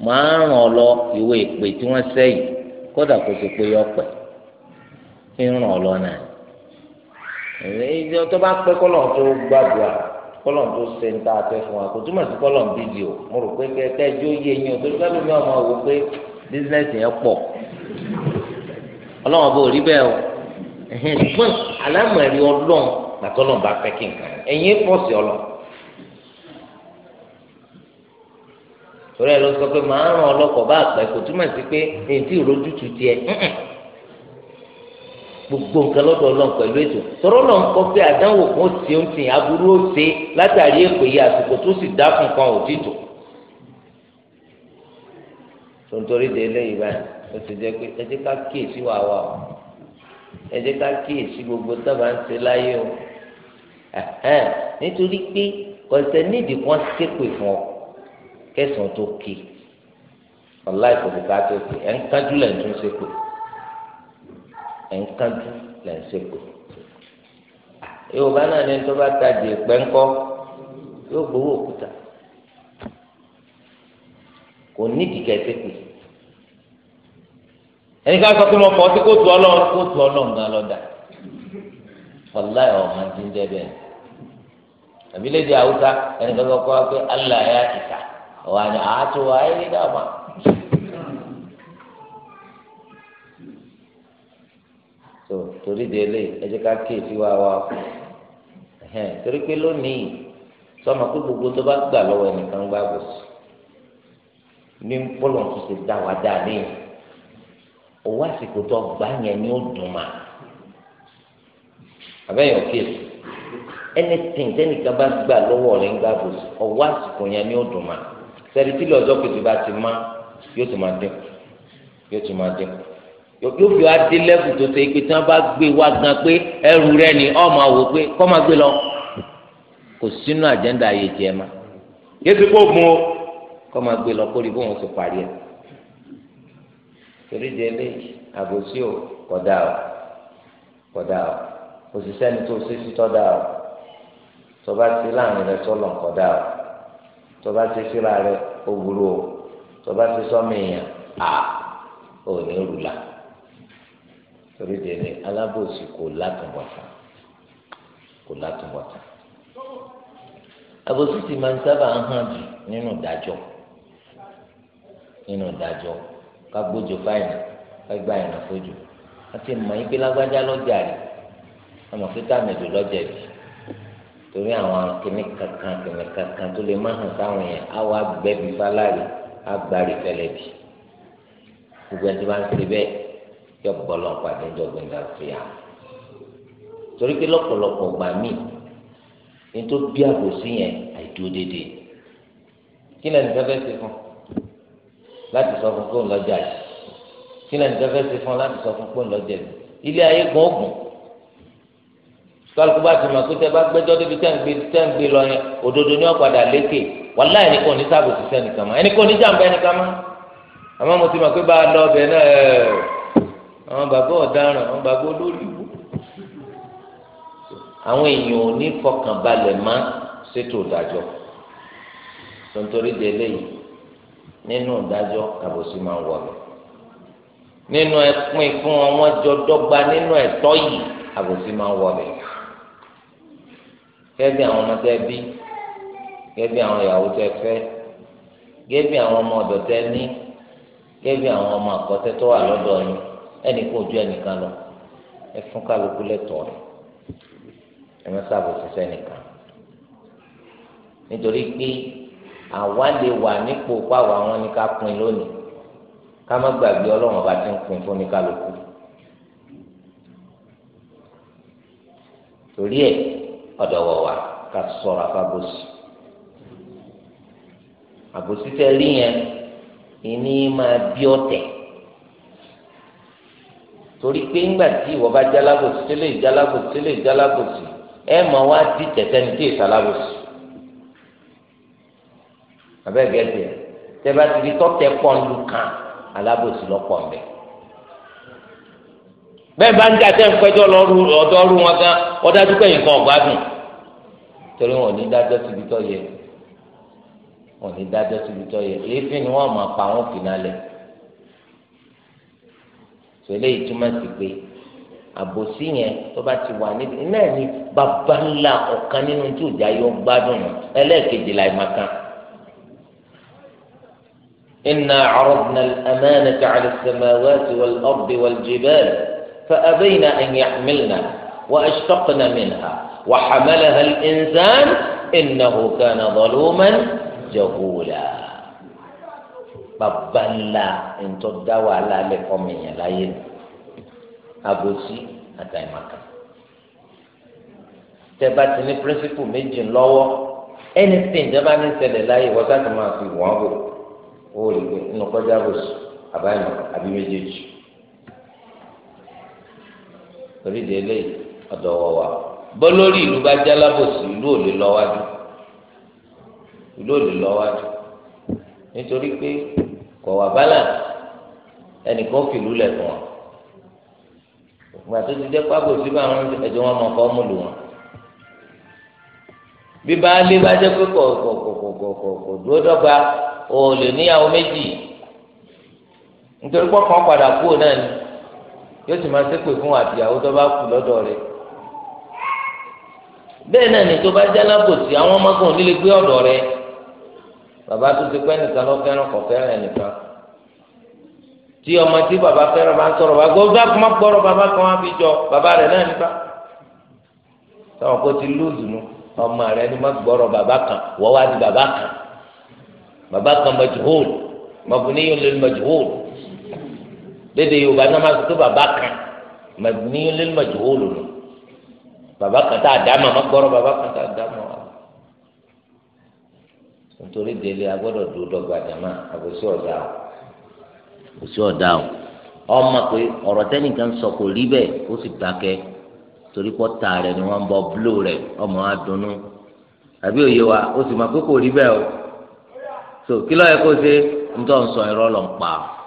máa ràn ọ lọ ìwé ìpè tí wọ́n sẹ́yìn kódà kó ti pé ọ̀pẹ̀ kí ń ràn ọ lọ náà ìjọ tó bá pẹ́ kọ́lọ̀ tó gbàdúrà kọ́lọ̀ tó ṣe ń ta àtẹ fún wa kò túmọ̀ sí kọ́lọ̀ ń bíjì o mo rò pé kẹ́kẹ́ jó yé yín o tó ló lómi ọmọ wò pé bísíǹnẹ́sì yẹn pọ̀ ọlọ́wọ́n bó rí bẹ́ẹ̀ o ṣùgbọ́n alámọ̀ ẹ̀rí ọlọ́run gbàtọ́ bá fẹ́ kí nǹkan ẹ̀yìn pọ̀ sí ọlọ́run. torí ẹ lọ sọ pé màá ràn ọlọ́kọ̀ bá àpẹ kò túmọ̀ sí pé èyí tí ìrojú tu tiẹ̀ gbogbo nǹkan lọ́dọ̀ ọlọ́run pẹ̀lú ètò tọ́rọ́ náà ń kọ́ pé àdánwò kan ó ṣe ń tì aburú ó ṣe látàrí èpè yìí àsìkò tó sì dá fún kan ò dìtò. tontorí de eléyìí báyìí ó ti jẹ́ pé ẹ jẹ́ ká kíyèsí wàá wà o ẹ jẹ́ ká kíyèsí gbogbo tábà ń ṣe láyé o nítorí pé kọ̀ọ̀sẹ̀ nídìí kan ṣépè fún ọ kẹsàn tó ké ọlá ìkòkò ká tó ké ẹ ń kájú lẹ̀ ń tún ṣe pé ẹ ń kájú lẹ̀ ń ṣe pé yorùbá náà ní tó bá ta di pẹ́ńkọ́ yóò gbowó òkúta kò nídìí kẹsẹ́ pé ẹni ká sọ pé mo fọ́ sí kóòtù ọlọ́run kóòtù ọlọ́run gan lọ́dà ọlá ọ̀hún ti ń jẹ́ bẹ́ẹ̀ àbílẹ̀ di haúsá ẹni tó kọ́ pé aláya ìta. ọwọ àná àti wà ayé dá tó torí délé ẹ jẹ́ ká kíyèsí wa wa torí pé lónìí sọmọ pé gbogbo tó bá gbà lọ́wọ́ ẹnìkan gbà bò sí ní pọlọ tó ṣe dá wa dá lé owó àsìkò tó gbà yẹn ni ó dùn mà àbẹ́yẹn ò kíyèsí anything bá gbà lọ́wọ́ rẹ̀ ń gbà sẹ́ni tí lọ́jọ́ kejì bá ti má yóò tún máa dín yóò tún máa dín yóò fi wá dé lẹ́bù tó ṣe pé tí wọ́n bá gbé wá gan pé ẹrù rẹ ni ọ́ máa wò pé kọ́ máa gbé lọ kò sínú àjẹ́ńdà ayé jẹ ma yéésù kò mú o kọ́ máa gbé lọ kó rí bóun ti parí ẹ̀ torí délé àbòsí ò kọ̀dá o kọ̀dá o òṣìṣẹ́ ni tó ṣe sí tọ́da o tọba ti láàrin rẹ sọ́lọ̀ kọ̀dá o tọba ti síra rẹ ó burú o tọba ti sọmọ èèyàn à ò ní rúlà torí dèrè alábòsí kò látúbọ̀tán kò látúbọ̀tán àbòsí ti máa ń sábà hàn jù nínú ìdájọ́ nínú ìdájọ́ ká gbójú fáìnà ká gba ìrìn àfojú àti mọ̀ ẹ́ pé lágbájá lọ́jà rẹ̀ àmọ̀ pé káàmì ìlú lọ́jà rẹ̀ torí àwọn kìnnì kankan kìnnì kankan tó lè má hàn sáwọn yẹn á wá gbẹbi fáláàrí á gbàrí fẹlẹbi gbogbo ẹni tó bá ń ṣe bẹ́ẹ̀ yọ bọlọ pàdé ní ọgbìn dàfíà torí pé lọ́pọ̀lọpọ̀ gbà mí ní tó bí àbòsí yẹn àìdúró déédéé kí lẹni fẹfẹ ṣe fún láti sọ fún kó ń kí lẹni fẹfẹ ṣe fún láti sọ fún kó ń ilé ayé gan ogun kálukú bá ti mọ̀ pé tẹ́ bá gbẹ́jọ́ débi tẹ́ ń gbé tẹ́ ń gbé lọ yẹn òdodo ní ọ̀padà lékè wàlá ẹni kò ní sábò ti sẹ́ni kàmá ẹni kò ní jàǹbá ẹni kàmá àmọ́ mo ti mọ̀ pé bá a lọ ọbẹ̀ náà ẹ̀ àwọn bàbá ọ̀daràn àwọn bàbá olórí ìwú àwọn èèyàn ò ní fọkànbalẹ̀ má ṣètò ìdájọ́ tontorí de eléyìí nínú ìdájọ́ àbòsí máa ń wọlé nínú ẹpin fún wọn jọ dọ́gba nínú ẹ̀tọ́ yìí àbòsí máa ń wọlé gẹ́gẹ́ bí àwọn ọmọ tẹ́ bí gẹ́gẹ́ bí àwọn ìyàwó tẹ́ fẹ́ gẹ́gẹ́ bí àwọn ọmọ ọ̀dọ̀ tẹ́ ní gẹ́gẹ́ bí àwọn ọmọ àkọ́tẹ́ tó wà lọ́dọ̀ yín ẹnì kò ju ẹnìkan lọ ẹ fún kálukú lẹ́tọ̀ọ́ rẹ̀ ẹ má sábò sísẹ́ nìkan nítorí pé àwa lè wà nípò pàwọ́ àwọn ní ká pín lónìí ká má gbàgbé ọlọ́run ọba tí ń pín fún ní kálukú torí ẹ̀ ọ̀dọ̀wọ̀ wa ká sọ̀rọ̀ afábòsì àbòsí tẹ rí yẹn ìní máa bí ọ̀tẹ̀ torí pé ńgbà tí ìwọ bá jálábòsì tẹ́lẹ̀ jálábòsì tẹ́lẹ̀ jálábòsì ẹ mọ̀ wá di tẹ̀tẹ̀ ní tí ìsàlábòsì abẹ́gẹ́dẹ́ tẹ bá ti di tọ́tẹ̀ pọ̀ kan alábòsí lọ́pọ̀ ń bẹ́ẹ̀ bẹ́ẹ̀ bá ń jà tẹ́ ń pẹ́jọ́ ọ̀dọ́ ọ̀rú wọn gan ọ̀dájú kẹ́yìn kan ọ̀gbádùn torí wọn ò ní dájọ́ síbi tó yẹ wọn ò ní dájọ́ síbi tó yẹ èéfín ni wọ́n máa pa àwọn òfin alẹ̀ sọlẹ́ yìí sí pé àbòsí yẹn tó bá ti wà níbi náà ni bàbá ńlá ọ̀kan nínú tí ò já yọ gbádùn ẹlẹ́ẹ̀kejì láì máa kan. إنا عرضنا الأمانة على السماوات والأرض والجبال فأبينا أن يحملنا وأشتقنا منها وحملها الإنسان إنه كان ظلوما جهولا بابلا إن تدوى على لكم من أبو سي أتاي مكة تباتني برسيكو ميجين لوو anything جبا نسل الله وزاك ما في وابو أولي نقضي أبوسي أبايمك أبي ميجيجي torí di eléyìí ọ̀dọ̀ wọ̀ wá bọ́ lórí ìlú bá jẹ́ alábòsí ìlú ò lè lọ wájú ìlú ò lè lọ wájú nítorí pé kọ̀ wá balance ẹnìkan fìlú lẹ̀ fún wọn ìgbà tó ti jẹ́ pábòsí bá wọn ẹ̀jẹ̀ wọn mọ̀ kọ́ mú lù wọn bí baálé bá jẹ́ pé kò kò kò kò kò kò kò dúró dọ́gba o níyàwó méjì nítorí pọ́kàn padà kúrò náà ni yóò sì máa ṣépè fún àtìyàwó tó bá kù lọ́dọ̀ rẹ̀ bẹ́ẹ̀ náà ni tó bá jẹ́ alábòsí àwọn ọmọ kan ò ní lè gbé ọ̀dọ̀ rẹ̀ bàbá tó ti pẹ́ nìkan lọ fẹ́ràn kọ̀ fẹ́ràn nìkan tí ọmọ tí bàbá fẹ́ràn bá ń sọ̀rọ̀ bá gbọ́ bá má gbọ́rọ̀ bàbá kan wá fi jọ bàbá rẹ̀ náà nípa táwọn kò ti lóòzù nu ọmọ rẹ̀ ni má gbọ́rọ̀ bàbá kan wọ́n wá di bàbá kan bàbá kan majhul mabniyun lil majhul lédè yorùbá náà máa sọ pé bàbá kan ní lẹ́nu mọ̀jọ́ wò lónìí bàbá kan tá a dá màmá gbọ́rọ̀ bàbá kan tá a dá màmá nítorí délé agbọ́dọ̀ dúró dọ́gba jàmá àbòsí ọ̀dà o àbòsí ọ̀dà o ọmọ pé ọ̀rọ̀ tẹ́nìkan sọ kò rí bẹ́ẹ̀ ó sì dákẹ́ torí pọ́tà rẹ̀ ni wọ́n bọ búlò rẹ̀ ọmọ adùnnú àbí òye wa ó sì mọ̀ pé kò rí bẹ́ẹ̀ o so kí ló yẹ kó ṣe ń tọ́ ń sọ irọ́ lọ́n pa o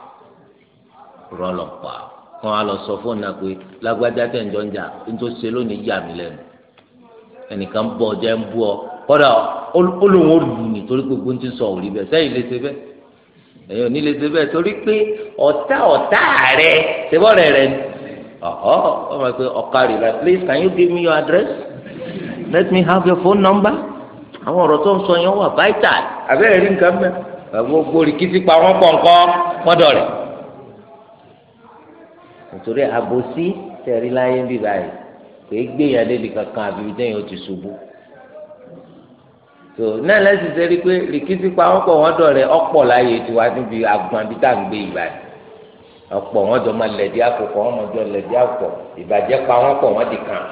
rọlọ̀ pa kàn á lọ sọ fóònù náà pé lágbájá tẹ̀ ń jọ ń jà nítorí ṣe lónìí yà mí lẹ́nu ẹnìkan bọ̀ jẹ́ ń bú ọ kọ́dà olóhùn olùlù ni torí gbogbo ń ti sọ òrí bẹ́ẹ̀ sẹ́yìn lè ṣe bẹ́ẹ̀ ẹ̀yìn òní lè ṣe bẹ́ẹ̀ torí pé ọ̀tá ọ̀tá rẹ ṣebọ́ rẹ rẹ ni ọ̀họ́ ọmọ pé ọ̀kadì rẹ please can you give me your address let me have your phone number àwọn ọ̀rọ̀ tó ń sọ yẹn wà vital àbẹ́rẹ́ rí nǹkan mẹ́ gbogbo rìkítí pa wọ́n pọ̀ nǹkan pọ́dọ̀ rẹ̀ nítorí àbòsí tẹ̀rí láyé ń bì báyìí kò é gbé yàn débi kankan àbí ibi tẹ́yìn ó ti ṣubú tó náà lẹ́sìn ṣe rí i pé rìkísí pa ọ̀pọ̀ wọn dọ̀rẹ́ ọ̀pọ̀ láyé tiwa níbi agbọ̀n bí tá à ń gbé ìgbà yìí ọ̀pọ̀ wọn jọ máa lẹ̀dí àkókò wọn máa jọ lẹ̀dí àkókò ìbàjẹ́ pa wọn pọ̀ wọn ti kàn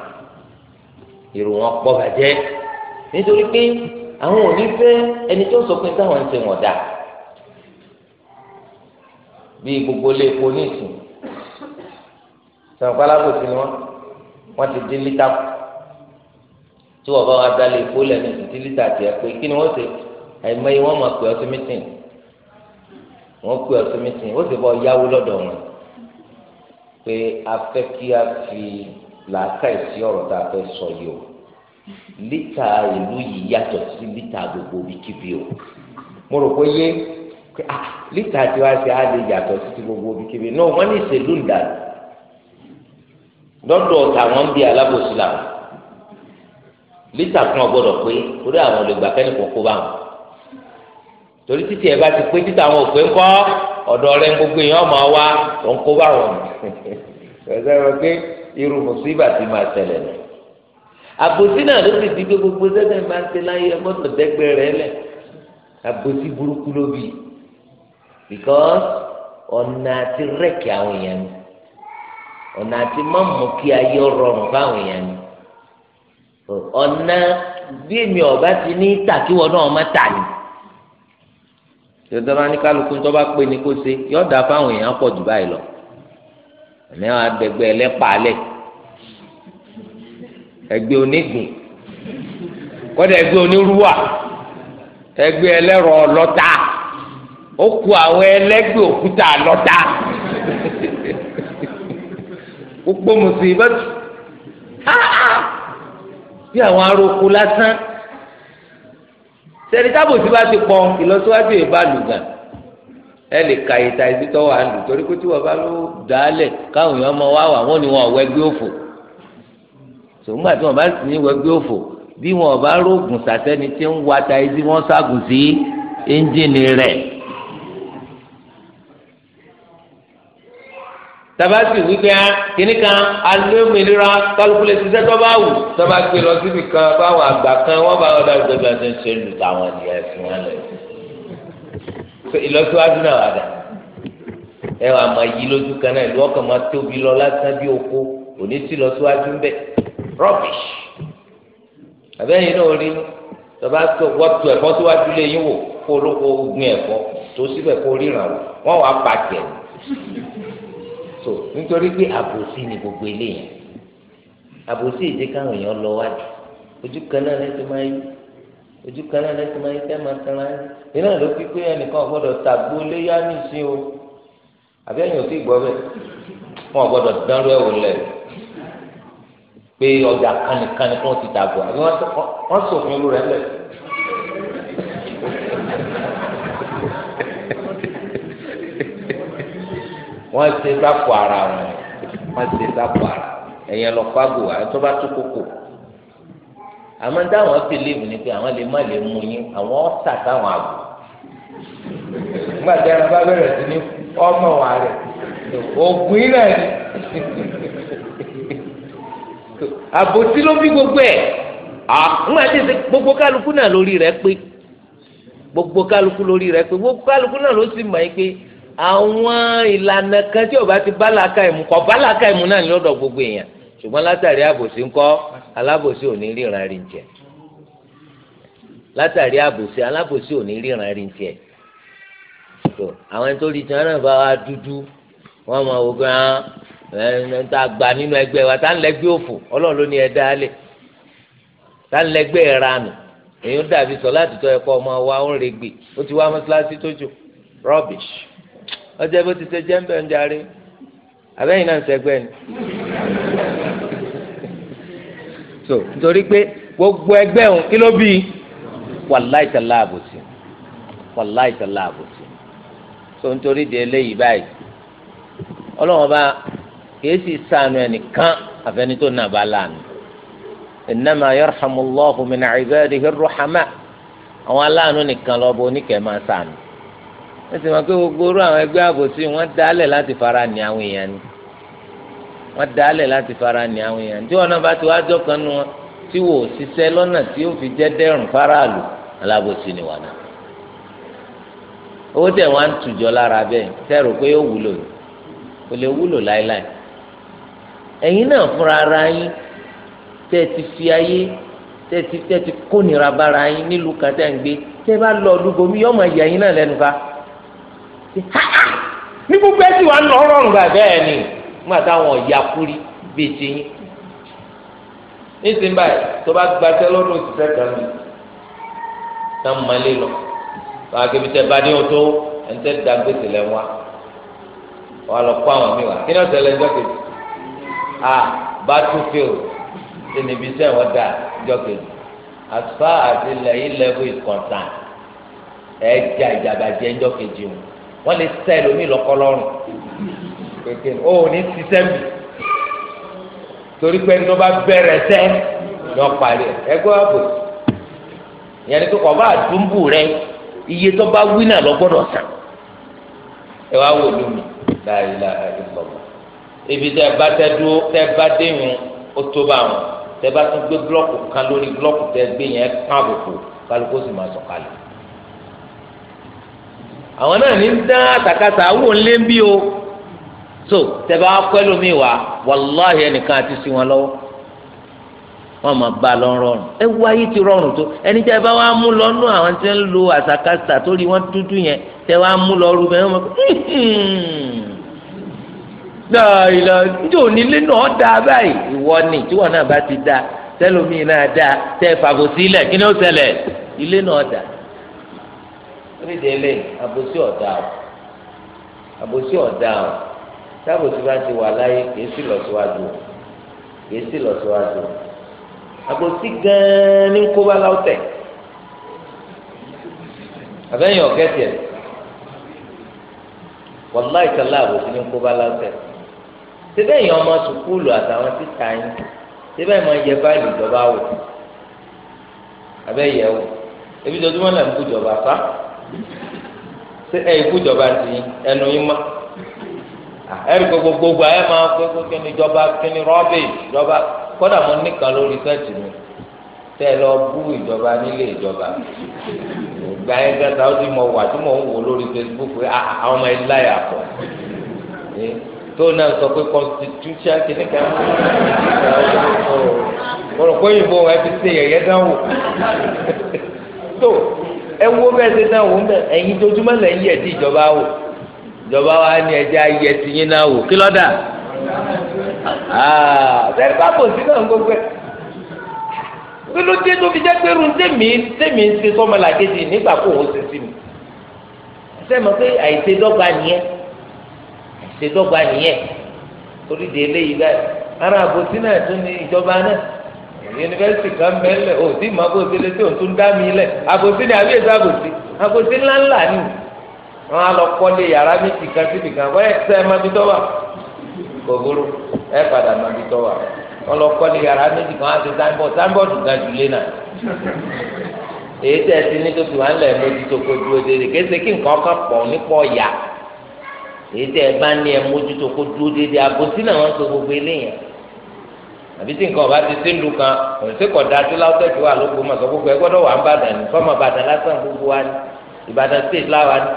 irun wọn pọ̀ bàjẹ́ nítorí pé àwọn ò ní fẹ́ ẹni tó sọ pé táwọn ń ṣe wọ̀n dà bíi gbogbo ilé epo ní ìsìn sọ̀rọ̀ alábòsí ni wọ́n wọ́n ti dín lítà kù tí wọ́n bá wọn adalẹ̀ èkó lẹ́nu ti dín lítà tiẹ̀ pé kí ni wọ́n ṣe àìmọye wọ́n máa pè ọ́ sí mítìn wọ́n pè ọ́ sí mítìn ó sì bọ́ yáwó lọ́dọ̀ wọn pé a fẹ́ kí a fi làákàyè sí ọ̀rọ̀ tá a fẹ́ sọ yìí o lítà ìlú yìí yàtọ̀ sí lítà gbogbo bíkíbi o mo rò pé yé ah, lítà tí wàá ṣe á lè yàtọ̀ sí ti gbogbo bíkíbi náà wọ́n ní ìṣèlú ń dàlú lọ́dọ̀ tàwọn ń bí alábòsí làwọn lítà fún ọgbọ́dọ̀ pé torí àwọn olùgbà kẹ́ni kò kó bá wọn torí títí ẹ bá ti pé títà àwọn òpè ńkọ́ ọ̀dọ̀ rẹ gbogbo èèyàn máa wá ló ń kó bá wọn [LAUGHS] ẹ̀sẹ̀ rẹ pé irú mùsíbà ti máa tẹ̀lẹ̀ lọ àbòsí náà ló sì di pé gbogbo sẹ́sẹ̀ máa ń tẹ láyé ọmọdé dẹ́gbẹ́ rẹ lẹ̀ àbòsí burúkú ló because ọ̀nà àti rẹ́ẹ̀kì àwọn èèyàn ni ọ̀nà àti má mú kí ayé rọrùn fáwọn èèyàn ni ọ̀nà bí èmi ọ̀bá ti ní tà kí wọn náà má tà ní. ìjọba ní kálukú tó bá pè ní kó ṣe yóò dá fáwọn èèyàn pọ̀ jù báyìí lọ àmì àwọn abẹgbẹ ẹlẹ́pàálẹ̀ ẹgbẹ́ onígbìn kọ́dà ẹgbẹ́ onírúwà ẹgbẹ́ ẹlẹ́rọ lọ́ta ó ku àwọn ẹlẹ́gbẹ́ òkúta lọ́ta gbogbo mùsùlùmí bí àwọn aróko lásán sẹ́ni tábòsí bá ti pọ̀ ìlọsíwájú ìbá lùgàn ẹ lè ka ìta ibi tó wà lù torí pé tí wọ́n bá ló dálẹ̀ káwọn èèyàn máa wá wà wọ́n ní wọn ọ̀wẹ́ gbé òfò sòmùgbà tí wọ́n bá sì ní wọ́n gbé òfò bí wọn ò bá rógùn sàtẹ́ni tí ń wa ta ibi wọ́n ságùn sí ẹ́ńjìnì rẹ̀. tabasi wípé á ah, kíní kan alómìnira kálukúlẹ̀ ṣiṣẹ́ tó bá wù tó bá gbé lọ síbi kan báwọn àgbà kan wọ́n bá wọn dájú gbẹgbẹ ṣe ń ṣe lù táwọn ìyá ẹ̀sìn wọn lẹ̀ ìlọsíwájú náà wà dà ẹ wà máa yí lójú kan náà ìlú ọkàn máa tóbi lọ lásán bí oko òní sí lọsíwájú ń bẹ rubbish àbẹ́yìn náà rí tọba tó wọ́pù ẹ̀fọ́ tó wá dúlé yín wò kó olóko ogun ẹ̀fọ́ tó síbẹ̀ kó ríran wọ́n wàá pàtẹ́ so nítorí pé àbòsí ni gbogbo eléyìí àbòsí èdè káwọn èèyàn lọ wájú ojú kan náà lẹsẹ máa yí ojú kan náà lẹsẹ máa yí tẹ máa tẹ máa yí iná ló fi pé ẹnìkan gbọ́dọ̀ tàgbó léyà nìsín o àbí ẹ̀yin ò tí ì gbọ́ wọn gbọ́dọ̀ dánrú ẹwò lẹ pé ọjà kánìkánì ti tàgbọ àbí wọn sọ fún irú rẹ lẹ. wọ́n ṣe sápò ara wọn wọ́n ṣe sápò ara ẹ̀yẹn lọ fágò àwọn tó bá tún kókò àmọ́ dáwọn bìlíìfù ni pé àwọn lè má lè mú yín àwọn ọ̀sà táwọn àgbò gbàdé ẹran bá bẹ̀rẹ̀ sí ní ọmọ wa rẹ̀ ògùn yín náà ni àbòtí ló bí gbogbo ẹ̀ àwọn àti ẹsẹ̀ gbogbo kálukú náà lórí rẹ̀ pé gbogbo kálukú lórí rẹ̀ pé gbogbo kálukú náà ló sì mọ̀ ẹ́ pé àwọn ìlànà kan tí ó bá ti bá làákà ìmú kọ bá làákà ìmú náà lọ́dọ̀ gbogbo èèyàn ṣùgbọ́n látàrí àbòsí ńkọ́ alábòsí ò ní ríran rí jẹ látàrí àbòsí alábòsí ò ní ríran rí jẹ tó àwọn ẹni tó rí tiwọn náà bá wa dúdú wọn máa wò gan ẹni tá a gbà nínú ẹgbẹ́ wa tá a ń lẹ́gbẹ́ òfò Ọlọ́run ló ní ẹ dálé tá ń lẹ́gbẹ́ ẹ èyí ó dàbí sọ láti tọ ẹkọ ọmọ wa ó ń regbè ó ti wá mọ́ṣáláṣí tó jù rubbish ọjọ́ bó ti ṣe jẹ́ ń bẹ̀ ń darí abẹ́yìn náà ń sẹ́gbẹ́ ni. so nítorí pé gbogbo ẹgbẹ́ òun kí ló bí wàláì tẹ̀lé àbòsí wàláì tẹ̀lé àbòsí so nítorí di eléyìí báyìí ọlọ́wọ́n bá kìí sì sànù ẹnìkan àfẹni tó nà bá lánàá innama yarhamullahu min ibadihi arruhama àwọn aláàánú nìkan lọ́bọ̀ oníkẹ́ máa sànù wọ́n ti mọ̀ pé gbogbo orú àwọn ẹgbẹ́ àbòsí wọ́n dálẹ̀ láti fara ní àwọn èèyàn ni wọ́n dálẹ̀ láti fara ní àwọn èèyàn tí wọ́n náà bá ti wá jọ̀kan nu wọn tí wò ó ṣiṣẹ́ lọ́nà tí ó fi jẹ́ dẹ́rùn faraàlú alábòsí ni wà náà owó tẹ̀ wọ́n á ń tùjọ́ lára bẹ́ẹ̀ tẹ́rù pé ó wúlò ní kò lè wúlò láéláé ẹ̀yin náà fúnra ara yín tẹ́ ti fi ayé tẹ́ ti tẹ́ ti bára yín nílùú kan tẹ́ ń gbé tẹ́ bá lọ ọdún bomi yọ́mọ ìyá yín náà lẹ́nu fa ní gbogbo ẹsìn wa nà ọrọrùn rà bẹ́ẹ̀ ni nígbà táwọn ọ̀yà kúrí bíi ti yín nísìnyí báyìí tó bá gbaṣẹ́ lọ́dún òṣìṣẹ́ kan mi tá mo máa lé lọ báwa kébi tẹ bá ní ọtó ẹni tẹ da gbèsè lẹ wá wà lọ kó àwọn mi wá kí ni ọ̀sẹ̀ lẹ jọ́kejì a battlefield ti níbi iṣẹ́ wọn dà jọ́kejì as far as ilẹ̀ level is concerned ẹ̀ jà ìjàgbá jẹ́ jọ́kejì wọn wọ́n lè sẹ́ ẹlòmíì lọ́kọ́lọ́rùn kéèké ó ní sísẹ́ mi torí pé nígbà bẹ̀rẹ̀ sẹ́ lọ parí ẹ̀ ẹgbẹ́ wà bò ìyẹn ní kó kọ́ bá àdúgbò rẹ iye tó bá wí náà lọ gbọ́dọ̀ sàn ẹ wá wò lómi láàyè láàyè lọ́wọ́ ibi tẹ bá tẹ dúró tẹ bá déyìn ó tó bá wọn tẹ bá tún gbé blọọkù kan lórí blọọkù tẹ gbé yẹn kán àbùkù kálukó sì máa sọ̀kalẹ̀. àwọn náà ní dán àtàkàtà àwọn ńlẹ́ ń bí o so tẹ̀bá pẹ́lú mi wá wàláhì ẹnìkan àti sí wọn lọ́wọ́ wọn máa bá a lọ rọrùn ẹ wú ayé ti rọrùn tó ẹni tẹ bá mú lọ nú àwọn tí ń lo tó rí wọn dúdú yẹn tẹ mú lọ rú wọn máa níjó onídìí eléyìí àbòsí ọ̀dà o àbòsí ọ̀dà o tábòsí bá ti wà láyé kìí sì lọ síwájú o kìí sì lọ síwájú o àbòsí gan-an ní kóbá láwùtẹ̀ àbẹ́yìn ọ̀gẹ́tì ẹ̀ wàláì tẹ̀lé àbòsí ní kóbá láwùtẹ̀ síbẹ̀ yẹn ọmọ sùkúlù àtàwọn títà yín síbẹ̀ mọ iye báyìí ìjọba wò àbẹ́yẹ̀ wò ebi dọdún wọn lè kú ìjọba fa. ṣe ẹ ikú ìjọba ti ẹnu yín mọ ẹrí gbogbo gbogbo ẹ máa gbogbo kíni ìjọba kíni rọbì ìjọba kódà mo nìkan lórí sẹẹtì mi tẹ ẹ lọ bú ìjọba nílé ìjọba ó ti mọ wà tí mò ń wò lórí Facebook pé ah, àwọn ọmọ ilé ayà pọ tó náà sọ pé constitution kìíní kan mo pé òyìnbó ṣe [LAUGHS] Ewu wo bẹ́ẹ̀ ṣe náà wò ń bẹ̀ ẹ̀yin tójúmọ́ lẹ̀ ń ìjọba wò ìjọba wa ni ẹ̀jẹ̀ ayẹ ti yín náà wò kí lọ́dà ah, bẹ́ẹ̀ bá bò sí náà gbogbo ẹ̀ kí ló dé tó fi jẹ́ pé irun tèmi tèmi ń ṣe sọ́mọlàkejì nígbà kó òun ṣe sí mi sẹ́mi pé àìṣedọ́gba nìyẹn àìṣedọ́gba nìyẹn torí de eléyìí báyìí ara àbòsí náà tún ní yunifásitì kan bẹ́ẹ̀lẹ̀ ò tí ma bó tilẹ̀ tí o tún dá mi lẹ̀ àbòsí ni àbí èso àbòsí àbòsí ńlá ni wọn á lọ kọ́lé yàrá méjì kan síbi kan wọ́n ẹ̀ sẹ́ ẹ má bí tọ́ padà bí tọ́ kan á ti ga jùlé náà èyí tẹ̀ sí ní tuntun wọn lẹ̀ mójútó kó dúró déédé kése kí nǹkan pọ̀ ọ̀yà èyí tẹ̀ bá ní àbí tí nǹkan ọba ti sí ìlú kan òǹṣe kọ̀dá tó láwùjọ ti wà lóko mọ̀ sọ gbogbo ẹ gbọ́dọ̀ wà ń bàdàn ní fọ́ọ̀mù Ìbàdàn lásán gbogbo wa ní Ìbàdàn state láwa ní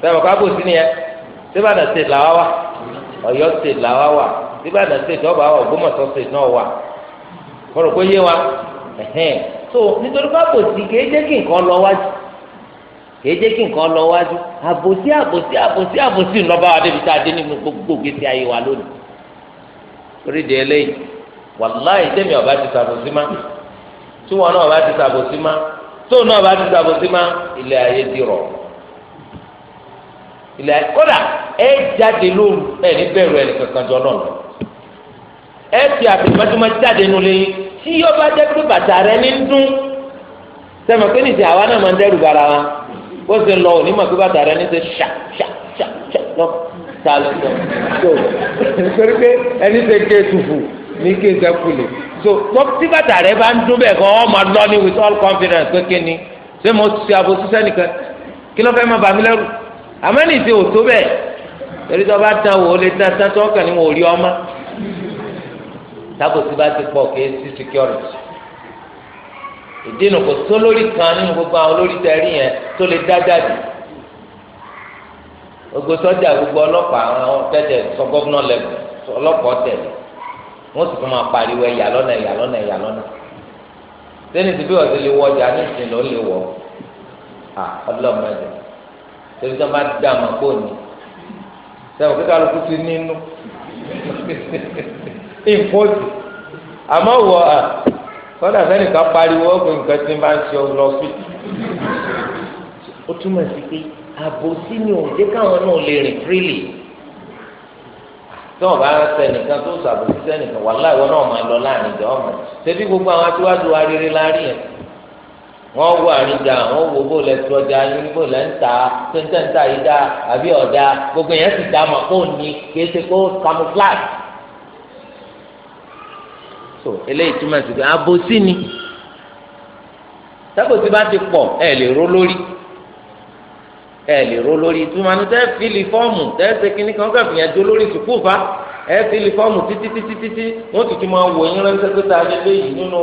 sẹ́wọ̀n ká bò sí ni ẹ sẹ́bàdàn làwa wà Ọ̀yọ́ state làwa wà sẹ́bàdàn state ọba wà Ògbómọ̀ṣọ́ state náà wà mo rò yé wa ẹ̀hẹ́n so nítorí pé àbòsí kìí jẹ́ kí nǹkan lọ wájú kìí jẹ́ kí nǹkan lọ wájú àbòsí àbòsí àbòsí àbòsí ńlọ bá wa débi tá a dé di eléyìí wàláyé tẹ́mi ọba ti sàbòsí má tí wọn náà ọba ti sàbòsí má tóun náà ọba ti sàbòsí má ilé ayé ti rọ̀ ilé ayé kódà ẹ jáde lóru ẹ ní bẹ̀rù ẹ kankan jọ náà lọ ẹ ti àtẹ̀mọ́tẹ́mọ́ jáde nulẹ̀ yìí tí ọba jẹ́ pé bàtà rẹ ní dún sẹ́mi pé nìṣẹ́ àwa náà máa ń dẹ́rù bara wa bó ṣe lọ òní mọ̀ pé bàtà rẹ ní ṣe ṣà ṣà ṣà ṣà lọ ta ló sọ tó [LAUGHS] torí pé ẹni ṣe ké tufu ní kéèsè kulè so tí bàtà rẹ bá ń dún bẹ́ẹ̀ kọ́ ọ máa lọ ní with all confidence pé kíni ṣé mo ṣe àbò ṣiṣẹ́ nìkan kí ló fẹ́ máa bà mí lẹ́rù àmọ́ ní ìṣe òtó bẹ́ẹ̀ torí tó bá tán wò ó lè tán tán tó kàn ní wò rí ọmọ tábòsí bá ti pọ̀ kí sí security ìdínà kò tó lórí kan nínú gbogbo àwọn olórí tẹ̀rí yẹn tó lè dá jáde gbogbo ṣọ́jà gbogbo ọlọ́pàá àwọn tẹ̀tẹ̀ sọ gọ́vnà lẹ́gùn ọlọ́pàá tẹ̀lé wọ́n sì tún máa pariwo ẹ̀yà lọ́nà ẹ̀yà lọ́nà ẹ̀yà lọ́nà sẹ́ni ti bí wọ́n ti lè wọ ọjà ní ìsìn ló ń lè wọ̀ à ọlọ́mọdé sẹ́ni tó bá dá àmọ́ pò ní sẹ́wọ̀n kíkà lóko ti nínú [LAUGHS] ìfọ́sì àmọ́ wọ à kọ́dà sẹ́ni ká pariwo ọ̀gbìn nǹkan tí máa ń ṣe ọ lọ sí ó túmọ̀ sí pé àbòsí ni òun jẹ́ káwọn náà lè rìn fírílì. tí wọn bá nìkan tó sàbòsí sẹnìkan wàhálà ìwọ náà máa lọ láàrin ìjà ọmọ tẹ́bí gbogbo àwọn aṣíwájú wa rere la rí yẹn wọn wọ àríjà bó lẹ ọjà yín bó lẹ ń ta gbogbo yẹn sì dá mà ní kí kó camouflage. eléyìí túmọ̀ sí ẹ lè ro lórí ìtumọ̀ ní tẹ́ fílì fọ́ọ̀mù tẹ́ ṣe kínní kan kẹ́ fìyàn jó lórí sùkúù fa ẹ fílì fọ́ọ̀mù títí títí títí wọ́n ti tún máa wò yín ránṣẹ́ pé ta lélẹ́ yìí nínú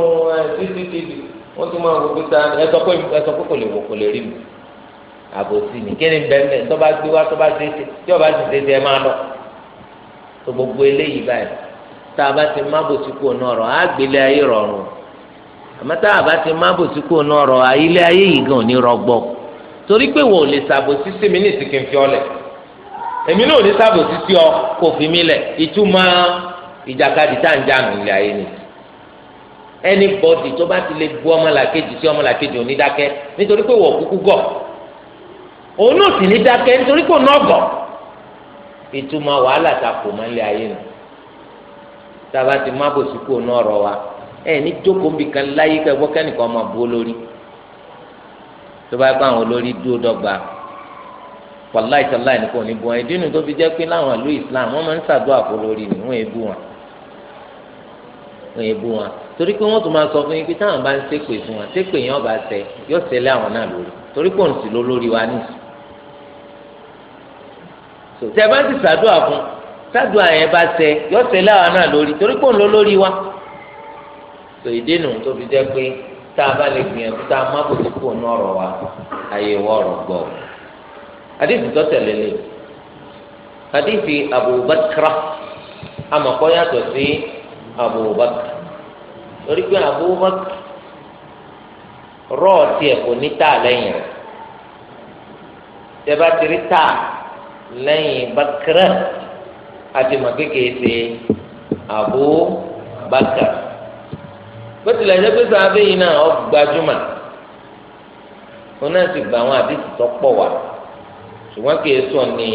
títí títí wọ́n tún máa wò pé ta ẹ sọ pé ẹ sọ pé kò lè wò kò lè rí mi àbòsí mi kí ni bẹ́ẹ̀ tó bá gbé wá tó bá ṣe tí ọba ti ṣe ẹ máa lọ tó gbogbo eléyìí báyìí tá a bá ti má bòsí kúrò náà rọ á gbélé ayé rọrùn àmọ́ tá a bá ti má bòsí kúrò náà rọ ayílé ayé yìí gan ò ní rọgbọ́ọ̀ torí pé wò lè ṣàbòsí sí mi ní ìsìnkì fi ọ lẹ̀ èmi náà ò ní ṣàbòsí sí ọ kò fi mí lẹ̀ ìtumọ̀ ìjàkadì tá à ń jà nù ilé ayé ni anybody tó bá ti lè bu ọmọlàkejì sí ọmọlàkejì òní dákẹ́ nítorí pé wọ́n kúkú gọ̀ òun náà sì ní dákẹ́ nítorí pé òun náà gọ̀ ìtumọ̀ wàhálà ta kò mọ́ ilé ayé nù tá a bá ti má bòsí kú òun náà rọ wa ẹ̀ ní jókòó nbìkan láyé kẹ́ gbọ́ kẹ́nìkan máa bu olórí tó bá gbọ́ àwọn olórí dúró dọ́gba wàláì sàláì nìkan ò ní bu wọn ìdí inú tó fi jẹ́ pé láwọn ìlú Islam wọ́n máa ń ṣàdúrà fún olórí ni wọ́n èébú wọn wọ́n èébú wọn torí pé wọ́n tún máa sọ fún yín pé táwọn bá ń ṣépè fún wọn ṣépè yẹn ọba ṣẹ yóò ṣẹlẹ̀ àwọn náà lórí torí pé òun sì ló lórí wa ní ìsìn tẹ bá ti ṣàdúrà fún ṣàdúrà yẹn bá ṣẹ yóò ṣẹlẹ̀ àwọn náà lórí torí pé òun lórí wa So ìdí inú tó fi jẹ́ pé tá a bá lè gbìyànjú tá a má bò tó kù ní ọ̀rọ̀ wa ayé wọ́ọ̀rọ̀ gbọ́ àdéhùn tó tẹ̀lé lè àdéhùn Abubakar amakọ yàtọ̀ sí Abubakar torí pé Abubakar rọ́ọ̀tì ẹ̀ kò ní tà lẹ́yìn rẹ̀ tẹ́bá tiri tà lẹ́yìn Bakra àti màkékèé ṣe Abubakar bó tilẹ̀ jẹ́ pé sàábé yìí náà ọ gbajúmọ̀ ó náà sì gba àwọn àdìsí tó pọ̀ wá ṣùgbọ́n kì í sọ ní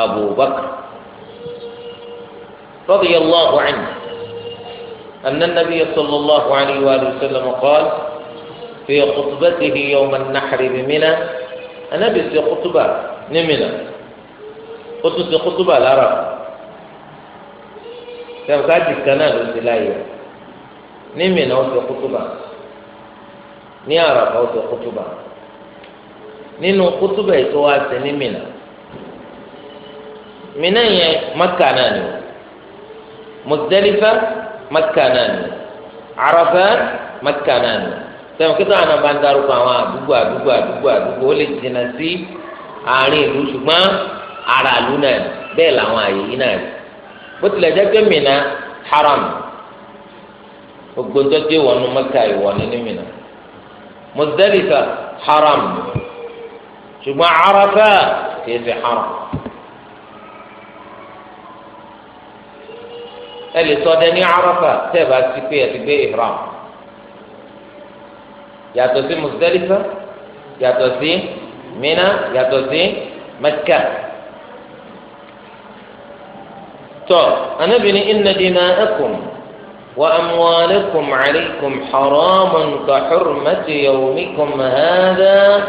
Abubakar radiyallahu anhu anna nabiyya sallallahu alayhi wa sallam qala fi khutbatihi yawm an-nahr bi Mina anabi ṣe khutuba ní Mina ó tún lára sẹ́wọ́n ká ti náà ló ti láyé ní Mínà ó sọ kútúbà ní Àràfà ó sọ kútúbà nínú kútúbà ètò wa sí ní Mínà Mínà yẹn Mẹ́kà náà ni o Muzdalifa Mẹ́kà náà ni o Àràfà Mẹ́kà náà ni o sẹ́wọ̀n kí táwọn náà bá ń darúkọ àwọn àdúgbò àdúgbò àdúgbò àdúgbò ó lè jìnnà sí àárín ìlú ṣùgbọ́n ara náà bẹ́ẹ̀ làwọn àyè yìí náà bó tilẹ̀ jẹ́ pé Mínà haram gbogbo tó dé wọnú mẹ́kà ìwọ ní ní Mínà mọdẹlifà haram ṣùgbọ́n Arafa kìí ṣe haram. ẹ lè ṣọdẹ ní Arafa tẹ́ bá ti pé ẹ ti gbé ihram yàtọ̀ sí mọdẹlifà yàtọ̀ sí Mínà yàtọ̀ sí Mẹ́kà. tọ́ ina dina dima'akum. وأموالكم عليكم حرام كحرمة يومكم هذا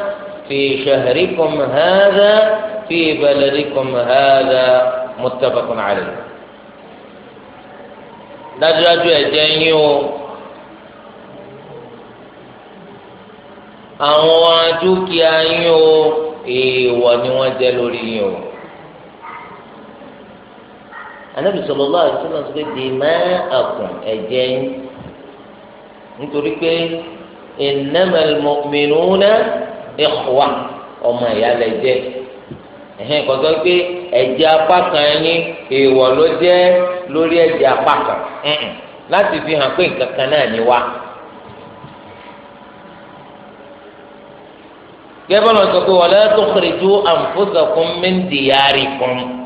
في شهركم هذا في بلدكم هذا متفق عليه dájúdájú جنيو yín o أيو dúkìá yín o anabi sallallahu alaihi wasallam sọ pé dima'akum ẹ̀jẹ̀ yín nítorí pé innamal mu'minuna ikhwa ọmọ ìyá lẹ jẹ ẹhìn kọsọ pé ẹ̀jẹ̀ apá kan yín èèwọ̀ ló jẹ lórí ẹ̀jẹ̀ apá kan láti fi hàn pé nǹkan kan náà ni wá. gẹ́gẹ́ bọ́lá sọ pé wala tukhriju anfusakum min diyarikum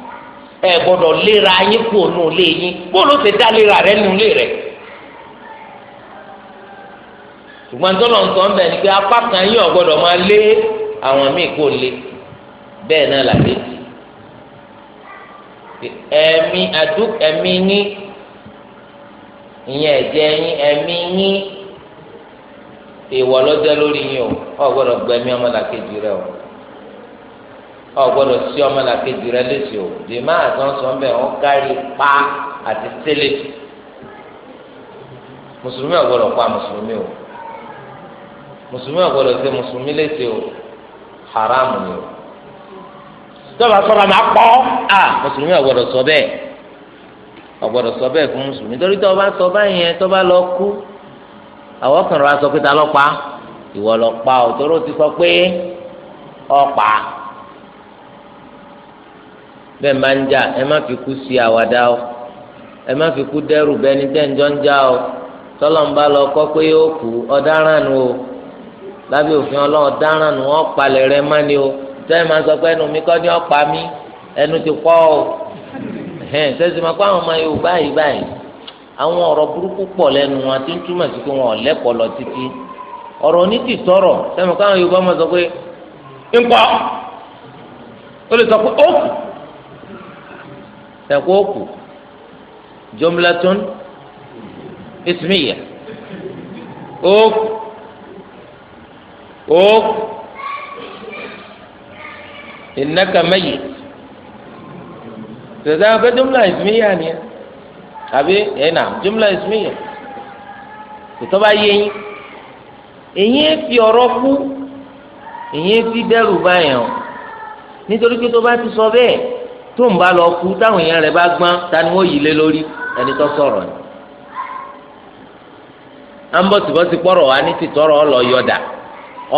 ẹ gbọ́dọ̀ léra yín kú ònú ilé yín bóòlù ti dá léra rẹ nù ilé rẹ ṣùgbọ́n tó lọ́n sọ ń bẹ̀ ni pé apá kan yín ọ̀gbọ́dọ̀ máa lé àwọn míì kó lé bẹ́ẹ̀ náà làbẹ́ ti ẹ̀mí àdúk ẹ̀mí yín ìyẹn ẹ̀jẹ̀ yín ẹ̀mí yín ìwọ lọ́jọ́ lórí yín o ọ̀gbọ́dọ̀ gbẹ̀mí ọmọlàkejì rẹ o ọ gbọ́dọ̀ sí ọmọ làkejì rẹ létí o dèmá àtọ̀sọ̀ ń bẹ̀ wọ́n kárí pa àti tẹ́lẹ̀ mùsùlùmí ò gbọ́dọ̀ pa mùsùlùmí o mùsùlùmí ò gbọ́dọ̀ ṣe mùsùlùmí létí o haramu ni o tọ́ba sọ̀rọ̀ máa pọ̀ à mùsùlùmí ò gbọ́dọ̀ sọ bẹ́ẹ̀ ò gbọ́dọ̀ sọ bẹ́ẹ̀ fún mùsùlùmí torí tọ́ba sọ báyìí yẹn tọ́ba lọ kú àwọn kan rọra sọ pé ta ló pa ìwọ ló pa ò torí ti sọ pé ó pa bẹ́ẹ̀ máa ń jà ẹ má fi kú sí àwàdà o ẹ má fi kú dẹ́rù bẹ́ni tẹ́ǹjọ́ ń já o tọ́lọ́mùbá lọ kọ́ pé ó kú ọ̀daràn nu o lábẹ́ òfin ọlọ́run ọ̀daràn nu wọ́n palẹ̀ rẹ mi kọ́ ni pa mí ẹnu ti kọ́ o sẹ́sì máa kó àwọn ọmọ Yorùbá yìí báyìí àwọn ọ̀rọ̀ burúkú pọ̀ lẹ́nu wọn àti túmọ̀ sí pé wọn tẹ̀kọ́ òkú jumlatun ismiya òkú òkú innaka mayyit tẹ̀sán pé jumla ismiya ni àbí ẹ̀ nà jumla ismiya tòtọ́ bá yé yín èyí fi ọ̀rọ̀ kú èyí fi dẹ́rù báyẹn o nítorí pé tó bá ti sọ bẹ́ẹ̀ tó ń bá lọ kú táwọn èèyàn bá gbọ́n ta wọ́n lé lórí ẹni tó sọ̀rọ̀ ni à ń bọ̀ tìbọ́sí pọ̀rọ̀ ní tìtọ́rọ̀ ọlọ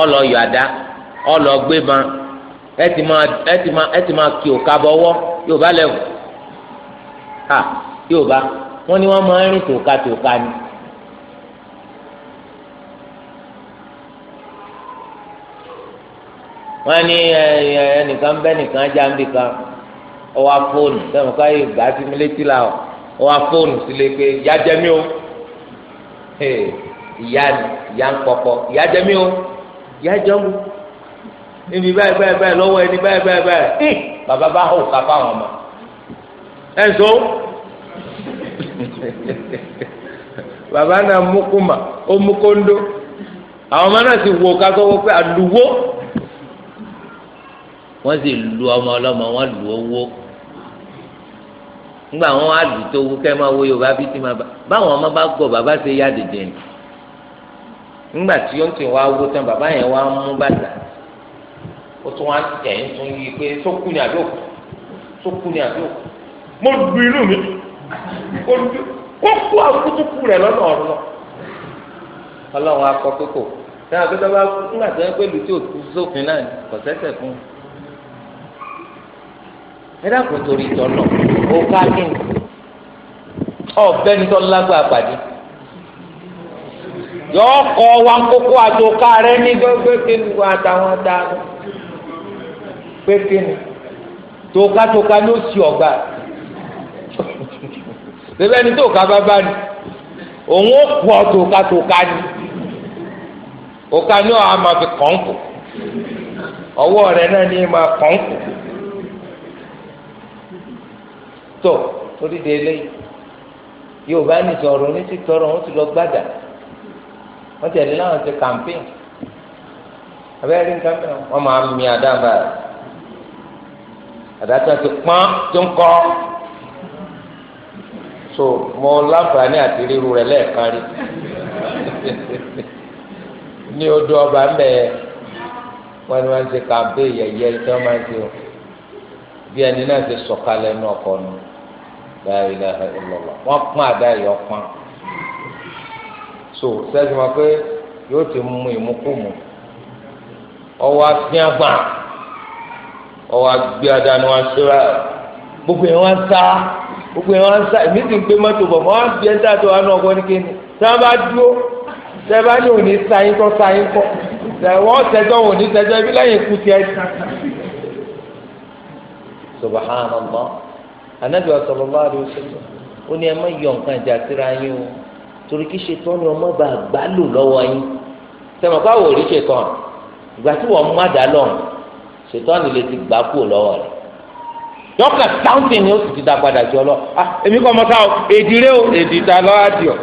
ọlọ yọdà ọlọ gbéban ẹ ti máa ẹ ti máa ẹ ti máa kí òka yóò bá ha yóò bá wọ́n ní wọ́n máa ń rìn ni. wọ́n ní ẹnìkan bẹ́ẹ̀ nìkan já ń bì kan. ọwọ́ afóònù sẹ́wọ̀n ká yóò gbà sí mi létí la ọwọ́ afóònù sí lè pé ìyá jẹ mí o ìyá ìyá ń pọpọ ìyá jẹ mí o ìyá jẹ mú níbi báyìí báyìí báyìí lọ́wọ́ ẹni báyìí báyìí báyìí bàbá bá hù ká fáwọn ọmọ ẹ̀ ń so [LAUGHS] bàbá náà mú kùmà ó mú kóńdó àwọn ọmọ náà sì wò ká sọ́wọ́ pé àlùwó wọ́n sì lu ọmọ ọlọ́mọ wọ́n lu owó nígbà wọn á dùn tó wú kẹ́ máa wo yorùbá bí ti máa bá báwọn ọmọ bá gbọ́ bàbá ṣe yá dèdè ni nígbà tí ó ń tì wá wó tán bàbá yẹn wá mú bàtà ó tún wá tẹ̀ ń tún yí pé sókù ni àbí òkú sókù ni àbí òkú mo lu inú mi ó kú àkútúkù rẹ̀ lọ́nà ọ̀run lọ ọlọ́run akọ kókò ṣé àbí tó bá kú nígbà tó ń pè lù tí ò kú sófin náà kò sẹ́sẹ̀ fún un ẹ dákun torí ìtọ́ náà. òkà ọbẹ nítọ́ lágbà yọ kọ wa kókó àtòkà rẹ ní gbẹgbẹ kíni wà táwọn dáná pé kíni tòkàtòkà ló sì ọgbà ni tòkà bá ni òun ó kú ọ tòkàtòkà ni òkà ni ọ̀ àmàfi kọ̀ǹkù ọwọ náà ma tó torí de eléyìí yorùbá ní sọ̀rọ̀ ní ti tọrọ wọn ti lọ gbàdà wọn ti ẹ̀dín láwọn ti kàmpéìn abẹ́rẹ́ rí nǹkan mìíràn wọn máa mi àdáàbà rẹ̀ ti pọ́n tó ń kọ́ so mo láǹfààní àti ríru rẹ̀ lẹ́ẹ̀kan rí [LAUGHS] ní odò ọba mẹ́ẹ̀ wọn ni wọn ti kàmpéìn yẹ̀yẹ́ tí wọ́n máa ń ṣe bí ẹni náà ti sọ̀kalẹ̀ ní ọkọ̀ nù la ilaha illallah wọ́n pọ́n àdá yìí ọ̀pọ́n so sẹ́jú wọn pé yóò ti mú ìmúkùmù ọwọ́ afíà gbà ọwọ́ agbé àdá ni wọ́n ṣíra gbogbo yẹn wọ́n sá gbogbo yẹn wọ́n sá èmi sì ń gbé mọ́tò bọ̀ wọ́n bí ẹ̀dá tó wà ní ọgbọ́n ní kéde tí wọ́n bá dúró tí wọ́n bá ní òní sáyín kọ́ sáyín kọ́ wọ́n sẹ́jọ́ òní sẹ́jọ́ ibi lẹ́yìn kùtì ẹ̀ subhanallah anabi sallallahu alaihi wasallam ó ní ẹ má yọ nǹkan ìjà síra yín o torí kí ṣetán ni ọmọ bá gbá lò lọ́wọ́ yín sẹ́mi ọ̀pá wò rí ṣetán ìgbà tí wọ́n mú àdá lọ́n ṣetán ni lè ti gbá kú lọ́wọ́ rẹ̀ yọkàn táǹtì ni ó sì ti dá padà sí lọ ah èmi kọ́ ọmọ ta o o èdì ta àdìọ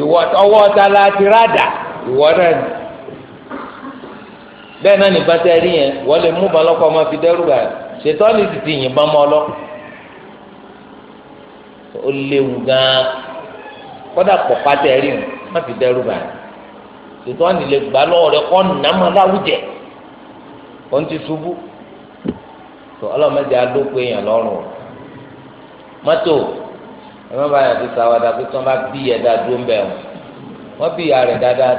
ìwọ ọwọ́ ta la ti rádà ìwọ náà ni bẹ́ẹ̀ náà ní bàtà rí yẹn wọ́n lè mú balọ́kọ́ ọmọ fi dẹ́rù báyìí ṣetán ni ti ti yìnbọn mọ́ ọ ó léwu gan kódà pọ̀pá rí má fi dẹ́rù bá yìí tòtò wọn lè gbà lọ́wọ́ rẹ kọ́ nàmọ́ láwùjẹ kò ń ti ṣubú tó ọlọ́mọdé adókòó èèyàn lọ́rùn o mọ́tò ẹ má bàa yàn fi sàwádà pé tí bá bí yẹ dáa dúró ń bẹ̀ o wọ́n bí ìyá rẹ̀ dáadáa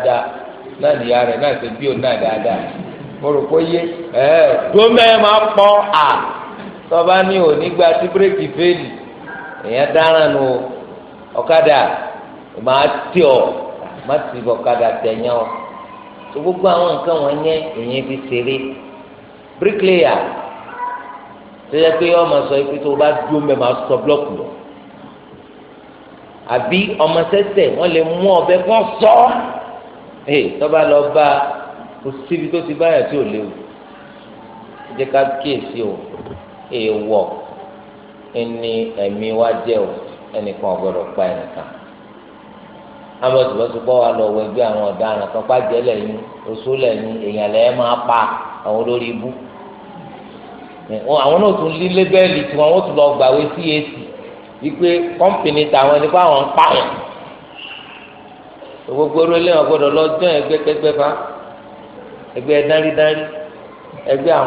náà ní ìyá náà ṣe bí òun náà dáadáa mo rò yé ẹ dúró máa à ní òní gba bírèkì èèyàn dáràn nù ọ̀kadà màá tì ọ́ má ti bọ̀ ọ̀kadà tẹ̀yàn ọ́ tó gbogbo àwọn nǹkan wọn yẹn èèyàn fi ṣeré bíríkìlẹ̀yà tó yẹ pé ọmọ sọ pé tó o bá dúró mẹ́ máa sọ búlọ́ọ̀kù lọ àbí ọmọ sẹ́sẹ̀ wọ́n lè mú ọbẹ̀ kan sọ ẹ̀ tọ́ba lọ bá kò síbi tó ti báyà tí ò léwu jẹ́ ká kíyèsí o èèwọ̀. E, ẹni ẹ̀mí wa jẹ o ẹnìkan ọ̀gbọ́dọ̀ pa ẹnìkan amọ̀tòmọ̀tò wa lọ wọ ẹgbẹ́ àwọn ọ̀daràn kan pàjẹ́ lẹ́yìn oṣù lẹ́yìn èèyàn lẹ́yìn máa pa àwọn olórí ibú àwọn náà tún lé lébẹ́ẹ̀lì tiwọn wọ́n tún lọ gbàwé CAC wípé kọ́mpìnì tàwọn ẹni àwọn ń pa wọn gbogbo orílẹ̀ wọn gbọdọ̀ lọ jọ ẹgbẹ́ kẹgbẹ́ fa ẹgbẹ́ ẹgbẹ́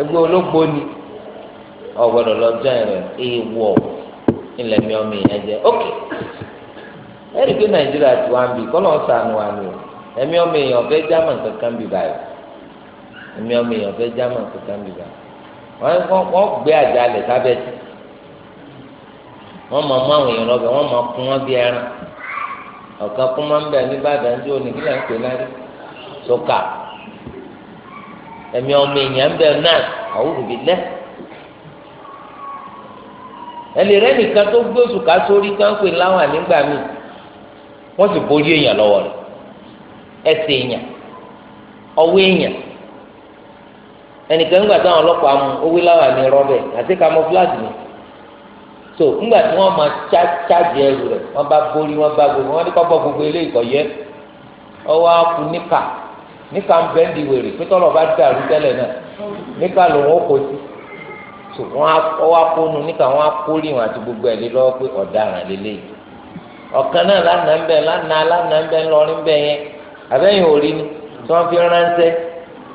ẹgbẹ́ ni. ọ̀gbọ́dọ̀ lọ jọ ẹ̀rọ èèwọ̀ mi ọmọ ìyẹn jẹ ok ẹ̀rí pé nàìjíríà ti wá ń bì kọ́ lọ́n sànù wà ní o ọmọ èèyàn fẹ́ german kankan bì báyìí ẹ̀mí ọmọ èèyàn fẹ́ german kankan bì báyìí wọ́n gbé àjà lẹ̀ sábẹ́ tì wọ́n máa àwọn èèyàn lọ́bẹ̀ wọ́n máa kún wọn bí ẹran ọ̀kan kún máa ń bẹ̀ nígbàdàn tí òní kílẹ̀ ń pè lárí sọ́kà ẹ̀mí ọmọ ń náà lẹ́ẹ̀. ẹni rẹ nìkan tó gbé oṣù ká sórí kánpé láwọn nígbà míì wọ́n sì borí èèyàn lọ́wọ́ rẹ̀ ẹsẹ̀ èèyàn ọwọ́ èèyàn ẹnìkan nígbà táwọn ọlọ́pàá mú owó láwọn ní rọ́bẹ̀ àti camouflage ni so nígbà tí wọ́n máa ṣáàjì ẹrù rẹ̀ wọ́n bá borí wọ́n bá gbogbo wọ́n ní kọ́kọ́ gbogbo eléyìí kọ̀ yẹ ọwọ́ á kú níkà níkà ń bẹ́ẹ̀ di wèrè pé tọ́lọ̀ bá dàrú tẹ́lẹ̀ náà níkà lòun ó kó sí so wọn wá kónú níkà wọn akórè wọn àti gbogbo ẹ̀ lé lọ́wọ́ pé ọ̀daràn lélẹ́yìí ọ̀kan náà lánàá ń bẹ̀ lánàá lánàá ń bẹ̀ ńlọrin bẹ̀ yẹn àbẹ́yìn òrí ni tí wọ́n fi ránṣẹ́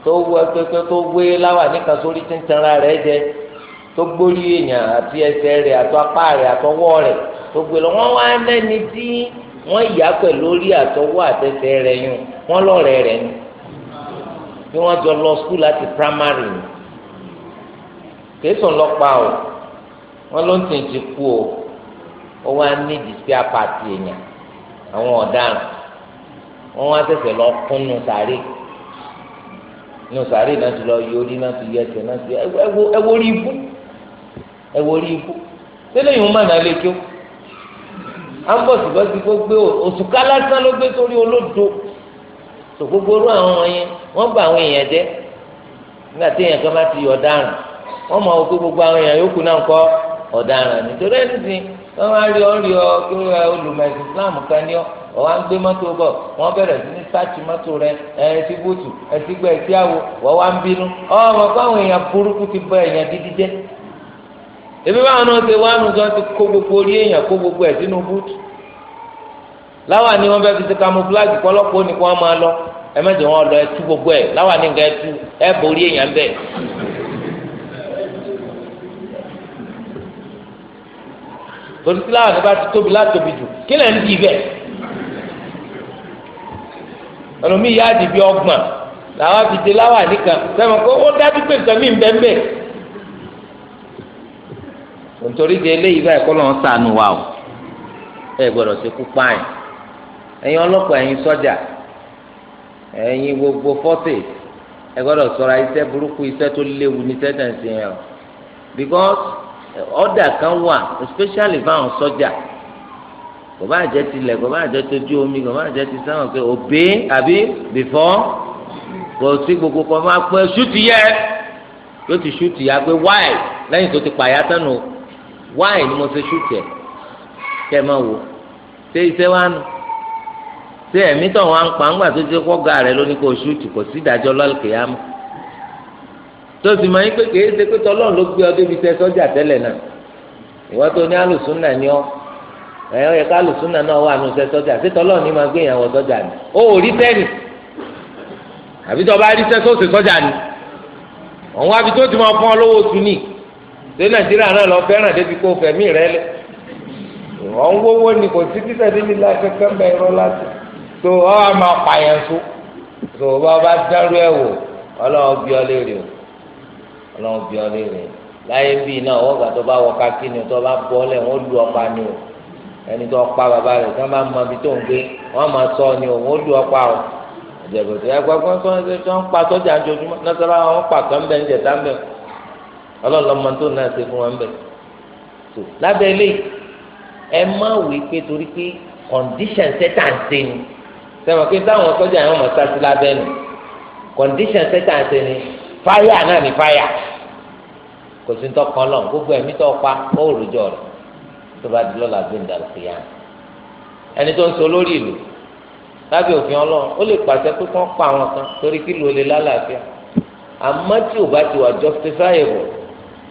tó wú ẹgbẹ́gbẹ́ tó gbé láwà níkan sórí tí ń tanra rẹ̀ jẹ tó gbórí èèyàn àti ẹsẹ̀ rẹ̀ àtọ́ apá rẹ̀ àtọwọ́ rẹ̀ tó gbé lọ wọ́n wá lẹ́ni tí wọ́n yà pẹ̀lú orí àtọwọ́ àtẹsẹ̀ rẹ̀ yùn wọ́n lọ́rẹ̀ rẹ̀ ni bí wọ́n jọ lọ skul láti primary ni kéésùn lọ pa o wọn ló ń tì ti kú o ó wá ní ìdìsí apàtì èèyàn àwọn ọ̀daràn wọn wá tẹ̀sẹ̀ lọ kún nù sàárè nù sàárè náà ti lọ yọrí náà ti yẹ ẹsẹ̀ náà ti ẹwọ rí ibú ẹwọ rí ibú tẹ́lẹ̀ yìí wọ́n mọ̀ náà lé kí ó ambọ̀sibọ́sí gbogbo òṣùká lásán ló gbé sórí olódo tó gbogbo orú àwọn yẹn wọ́n gba àwọn èèyàn jẹ́ nígbà tí èèyàn kan bá ti yọ̀ dáràn wọ́n máa wò gbogbo àwọn èèyàn yòókù náà kọ́ ọ̀daràn nítorí ẹni tí wọ́n máa rí ọ rí ọ kí Islam kan ní ọ ọ̀wá ń gbé mọ́tò bọ̀ wọ́n bẹ̀rẹ̀ sí ní sáàtì rẹ ẹ̀ ti bùtù ẹ̀ gbẹ ẹ̀sì àwò wọ́n wá ń bínú gbogbo orí èèyàn kó gbogbo ẹ̀ sínú láwa ni fi ṣe torí tí láwọn bá ti tóbi látòbi jù kí lẹ́ ń di bẹ́ẹ̀ ẹlòmíì yá di bí ọgbọ̀n làwọn fi dé láwà nìkan sẹ́mi kó ó dájú pé nǹkan mìíràn bẹ́ẹ̀ bẹ́ẹ̀ nítorí di eléyìí báyìí kọ́ lọ́n sànù wa o ẹ gbọ́dọ̀ ṣe kú páyìn ẹ̀yin ọlọ́pàá ẹ̀yin sọ́jà ẹ̀yin gbogbo fọ́tì ẹ gbọ́dọ̀ ṣọ́ra iṣẹ́ burúkú iṣẹ́ tó léwu ní sẹ́tẹ̀ǹsì yẹn o because ọ̀dà kan wà especially fáwọn sọ́jà kò bá jẹ́ tilẹ̀ kò bá jẹ́ tójú omi kò bá jẹ́ ti sáwọn pé òbí àbí before kò sí gbogbo kan máa pẹ́ ṣúùtì yẹ yóò ti ṣúùtì yá pé why lẹ́yìn tó ti pààyà tánu why ni mo ṣe ṣúùtì ẹ̀ kẹ́ ẹ máa wò ṣé iṣẹ́ wa nù ṣé ẹ̀mí tó wọn à ń pa ńgbà tó ṣe kọ́ ga rẹ̀ lónìí kò ṣúùtì kò sí ìdájọ́ lọ́ọ̀kì tó sì máa ń pè kéé ṣe pé tọ́lọ́run ló gbé ọ débi tẹ sọ́jà tẹ́lẹ̀ náà ìwọ tó ní alùsùnà ni ọ ẹ ọ yẹ ká alùsùnà náà wà nù sẹ sọ́jà ṣé tọ́lọ́run ni máa gbé ìyàwó sọ́jà ni ó ò rí sẹ́ni àbí tó o bá rí sẹ́ sọ́sẹ̀ sọ́jà ni òun wá bí tó ti máa fún ọ lówó oṣù ni ṣé nàìjíríà náà lọ fẹ́ràn débi kó fẹ̀mí rẹ lẹ òun wówó ni kò sí títẹ̀ níbi lákẹ́kẹ́ mẹ́rọ láti tó ọ ọlọ́run bí ọlẹ́ rẹ̀ láyé bí iná ọwọ́ gbà tó bá wọ kákí ni tó bá bọ́ lẹ̀ wọ́n lu ọ̀pá ni o ẹni tó pa bàbá rẹ̀ tó bá mọ ibi tó ń gbé wọ́n máa sọ ni o wọ́n lu ọ̀pá o ìjẹ̀bù tó yẹ gbọ́gbọ́n tó ń tó ń pa sọ́jà ojoojúmọ́ wọn pa kan bẹ́ẹ̀ ń jẹ tá ń bẹ̀ ọlọ́lọ́mọ tó náà ṣe fún wọn bẹ̀ tó ẹ má wí pé torí pé condition sẹ́tà ń ṣe ni sẹ́wọ̀n pé táwọn sọ́jà yẹn wọ́n mọ̀ sásí lábẹ́ ni condition sẹ́tà ń ṣe ni fáyà náà ní fáyà kò sí tọkàn lọ gbogbo ẹ̀mí tó pa ó rojọ́ rẹ̀ tó bá di lọ́la gbẹ̀ndà lọ́kìyà ẹni tó ń sọ lórí ìlú lábẹ́ òfin ọlọ́run ó lè pàṣẹ pé kán pa àwọn kan torí kí lóore lálàáfíà àmọ́ tí ò bá ti wà justifiable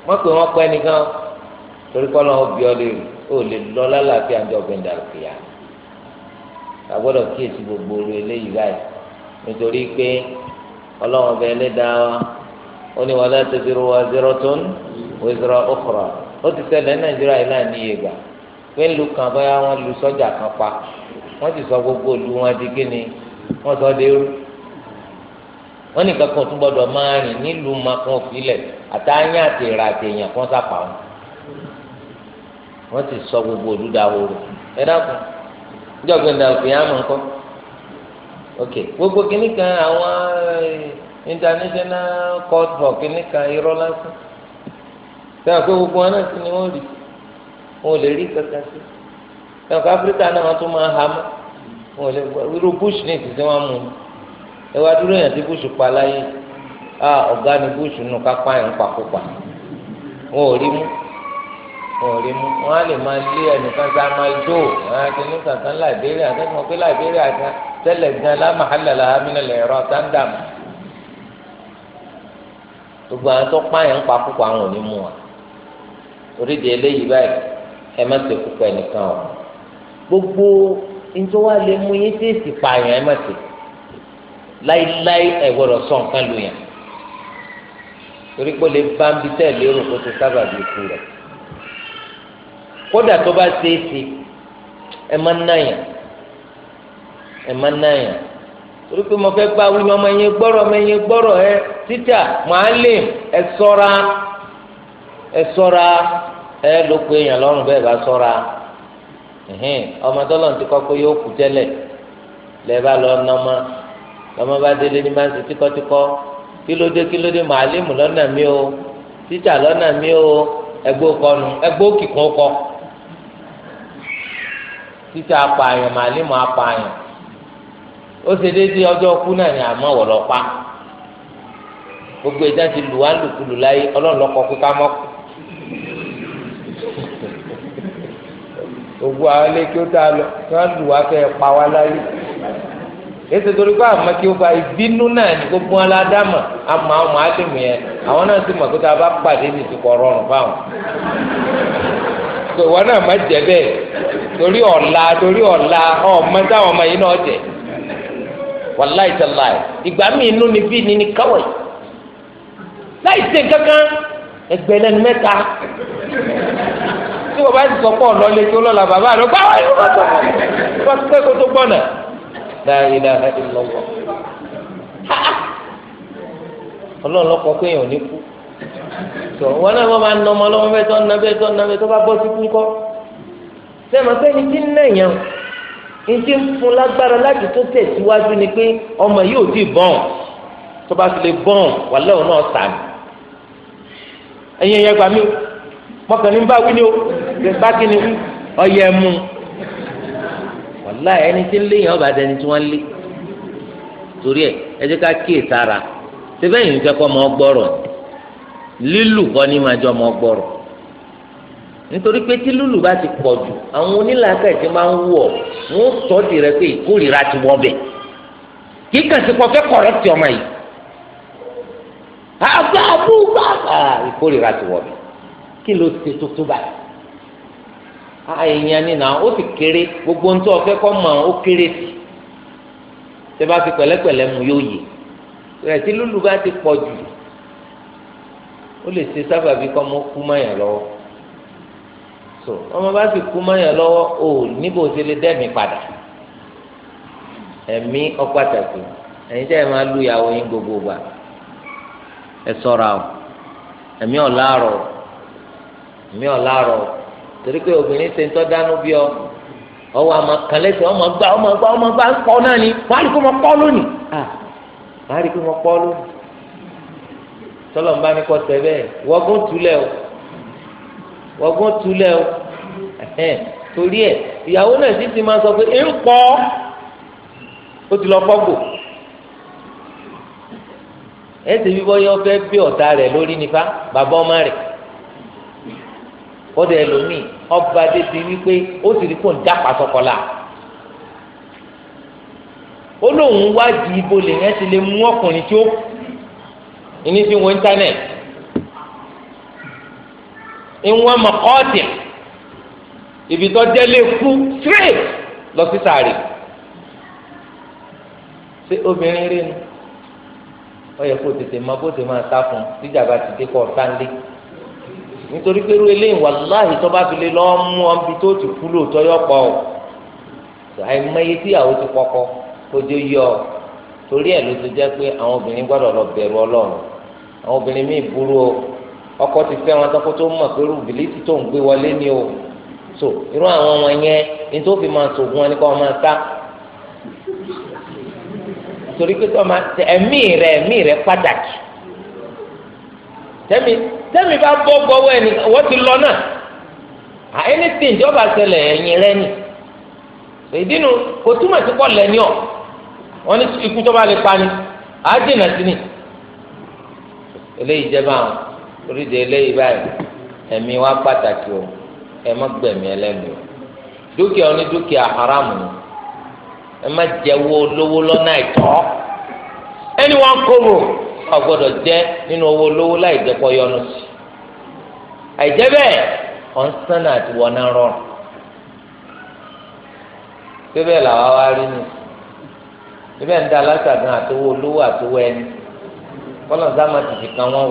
wọ́n pè wọ́n pẹ́ nìkan torí kọ́ lọ́wọ́ bí ọ lè rí ó lè lọ lálàáfíà ní ọ̀gbìn dàrúkìyà àgbọ́dọ̀ kíyèsí gbogbo eléyìí báyìí nítorí pé ọlọ́run ọba ẹlẹ́dàá wa oni wàlá tẹ̀síro wa zero tón wẹ̀sọ̀rọ̀ ọ̀kọ̀rọ̀ ó ti ṣẹlẹ̀ ní nàìjíríà yìí láì níye gbà pé ń lu kan báyà wọ́n lu sọ́jà kan pa wọ́n ti sọ gbogbo ìlú wọn di kíni wọ́n sọ dérú wọ́n nìkan kan tún gbọ́dọ̀ máa rìn nílùú makun òfìlẹ̀ àtàyàn àti ìrà àti èèyàn kan sápà wọn ti sọ gbogbo ìlú dahoro ẹ dákun níjọ́ gbẹ̀ndà òfìyàmù ńkọ́ ok gbogbo kìnnìkan àwọn ẹ̀ẹ́ international court for kínní kan irọ́ lásán sẹ́wọ̀n gbogbo wọn náà ni wọ́n rí wọn lè rí kankan sí sẹ́wọ̀n pé náà tún máa ha wọn bush ní ìsinsìn wọn mú ẹ wá dúró yàn tí bush pa láyé a ọ̀gá ni bush nù kápá yẹn wọn ò rí mú wọn ò rí mú wọn á lè máa lé ẹnìkan sá máa àwọn kankan pé gbogbo àwọn tó pààyàn ń pa púpọ̀ àwọn ò ní mú wa orídìí eléyìí báyìí ẹ má ṣe púpọ̀ ẹnìkan o gbogbo nítorí wàá lè mú yín tèèsì pààyàn ẹ má ṣe láíláí ẹ gbọ́dọ̀ sọ nǹkan lu yàn torí pé lè bá ń bi tẹ́ lérò kó ti sábà bí ikú rẹ̀ kódà tó bá ṣeé ṣe ẹ má náyàn ẹ má náyàn. torí pé mo fẹ́ gba awí ni ọmọ yẹn gbọ́rọ̀ ọmọ yẹn gbọ́rọ̀ ẹ títà màálìm ẹ sọ́ra ẹ sọ́ra ẹ ló pe èèyàn lọ́rùn bẹ́ẹ̀ bá sọ́ra ọmọ tọ́lọ̀ ti kọ́ pé yóò kú tẹ́lẹ̀ lẹ́ẹ̀ bá lọ nọmọ lọ́mọ bá délé ní máa ń ṣe tíkọ́tíkọ́ kílódé kílódé màálìm lọ́nà mi o títà lọ́nà mi o ẹgbẹ́ kọnu ẹgbẹ́ òkìkún kọ títà apààyàn màálìm apààyàn. ó ṣe déédéé ọjọ́ kú náà ni àmọ́ wọ̀ lọ́pa gbogbo ẹ̀dá ti lù wá lùkulù láyé ọlọ́run lọ́kọ̀ kú ká mọ́kù. ògbó àwọn ilé kí ó tá a lọ kí wọ́n lù wá kẹ́ ẹ pa wá láyé. èsì torí pé àmọ́ kí ó ba ìbínú náà ni gbogbo wọn la dá mọ̀ àmọ́ àwọn máa lè mú yẹn àwọn náà sì mọ̀ pé tá a bá pàdé ní ìsìnkú ọ̀rọ̀rùn fáwọn. ìwọ náà má jẹ bẹ́ẹ̀ torí ọ̀la torí ọ̀la ọmọ táwọn ọmọ yìí náà jẹ wàláì tàláì ìgbà míì inú ni bí nínú káwọ̀ yìí láì ṣe kankan ẹgbẹ́ lẹ́nu mẹ́ta tí wọ́n bá ti sọ pọ̀ lọ́lé tó lọ́la bàbá rẹ̀ gbà wáyé wọ́n tó wọ́n ti kẹ́kọ̀ọ́ tó gbọ́nà láì láì lọ́wọ́ ọlọ́run lọ́kọ̀ pé èèyàn ní kú tó wọn náà wọ́n máa ń nà ọmọ ọlọ́wọ́ bẹ́ẹ̀ tó ń nà bẹ́ẹ̀ tó ń nà bẹ́ẹ̀ tó bá bọ́ sí kú kọ́ sẹ́mi ọ̀sẹ́ni tí ń nà yẹn njẹ́ fún lágbára láti tó tẹ̀síwájú ni pé ọmọ yìí ò tí ì bọ́ọ̀n tó bá fi lè bọ́ọ̀n wà lẹ́wọ̀n náà sàn ẹ̀yin ẹ̀yẹ gbà mí mọ́kànlí ń bá wí ni o bá kí ni ọyẹ mu wàlá ẹni tí ń lé yẹn ọba dẹni tí wọ́n lé torí ẹ ẹ jẹ́ ká kíyè sára ṣé bẹ́ẹ̀ yìí ń fẹ́ kọ́ ọmọ ọgbọ́rọ̀ lílù kọ́ ní máa jọ ọmọ ọgbọ́rọ̀ nítorí pé tí lulu bá ti pọ̀ jù àwọn onílàákà ti máa ń wù ọ́ wọ́n sọ di rẹ pé ìkórìíra ti wọ́ bẹ̀ kí kàṣípọ̀ fẹ́ kọ̀rẹ́tì ọmọ yìí àbá àbúgbà ìkórìíra ti wọ́ bẹ̀ kí ló ṣe tuntun báyìí àìyàn ni nà ó sì kéré gbogbo ntọ́ ọ̀fẹ́ kọ́ mọ̀ ó kéré sí tẹ bá fi pẹ̀lẹ́pẹ̀lẹ́ mu yóò yè rẹ̀ tí lùlù bá ti pọ̀ jù ó lè ṣe sábàbí kọ́ mọ́ kú mọ́yàn lọ́wọ́. so ọmọ bá sì kú mọ́yàn lọ́wọ́ o níbo ṣe lè dẹ́mi padà ẹ̀mí ọ̀pàtàkì ẹ̀yin tẹ́ ẹ máa lu ìyàwó yín gbogbo gbà ẹ sọ̀ra o ẹ̀mí ọ̀làrọ̀ ẹ̀mí ọ̀làrọ̀ torí pé obìnrin ṣe ń tọ́ bí ọ ọwọ́ àmọ́ kan lẹ́sẹ̀ ọmọ gbá ọmọ gbá ọmọ gbá ń náà ni wàá rí kó lónìí wàá rí wọ́gbọ́n tulẹ̀ o torí ẹ̀ ìyàwó náà sì ti máa sọ pé ń pọ̀ ó ti lọ fọ́gbò ẹ ti bí bọ́yọ́ fẹ́ bí ọ̀tá rẹ̀ lórí nípa bàbá ọmọ rẹ̀ kọ́dà ẹlòmíì ọba dédé wípé ó sì rí kó ń dápa sọkọlá ó lóun wádìí ibo lè yẹn ti lè mú ọkùnrin tí ó ní ti wọ íńtánẹ́ẹ̀tì ìwọ̀n mọ̀kọ́ọ̀dì ibi tó jẹ́ lè kú straight lọ sí sàárè ṣé obìnrin rí nu ó yẹ kó tètè máa bó ṣe máa sá fún tíjà bá ti dé kọ́ sáńdé nítorí pé irú eléyìí wàláhì tó bá fi lé lọ́ọ́ mú ọ níbi tó ti kú lóòótọ́ yọ pọ̀ ọ́ àìmọye tíyàwó ti kọ́kọ́ kó dé yọ ọ́ torí ẹ̀ ló ti jẹ́ pé àwọn obìnrin gbọ́dọ̀ lọ bẹ̀rù ọlọ́run àwọn obìnrin míì burú o ọkọ ti fẹ́ wọn tako tó mọ̀ pé irú bìlísì tó ń gbé wọlé ni o so irú àwọn ọmọ yẹn ní tó fi máa sògùn wọn ni kọ́ ọ máa sá torí pé tó máa tẹ ẹ̀mí rẹ̀ ẹ̀mí rẹ̀ pàtàkì tẹ́mi tẹ́mi bá bọ́ gbọ́wọ́ ẹni wọ́n ti lọ náà à anything tí wọ́n bá ṣẹlẹ̀ ẹ̀yìn rẹ ni ìdínú kò túmọ̀ sí pọ̀ lẹ́ni ọ̀ wọ́n ní ikú tó bá lè pa ni àá dènà sí ni eléyìí jẹ́ báwọn. torí de eléyìí báyìí ẹ̀mí wa pàtàkì o ẹ má gbẹ̀mí ẹlẹ́nu o dúkìá oní dúkìá haramu ẹ má jẹ́wọ́ olówó lọ́nà àìtọ́ ẹni wọn kóbò ọgbọ́dọ̀ jẹ́ nínú owó olówó láì yọnu sí àìjẹ́ àti wọnà rọrùn làwa wá rí ni ń da alásàgán àtowó olówó àtowó ẹni sáà má tètè kan wọ́n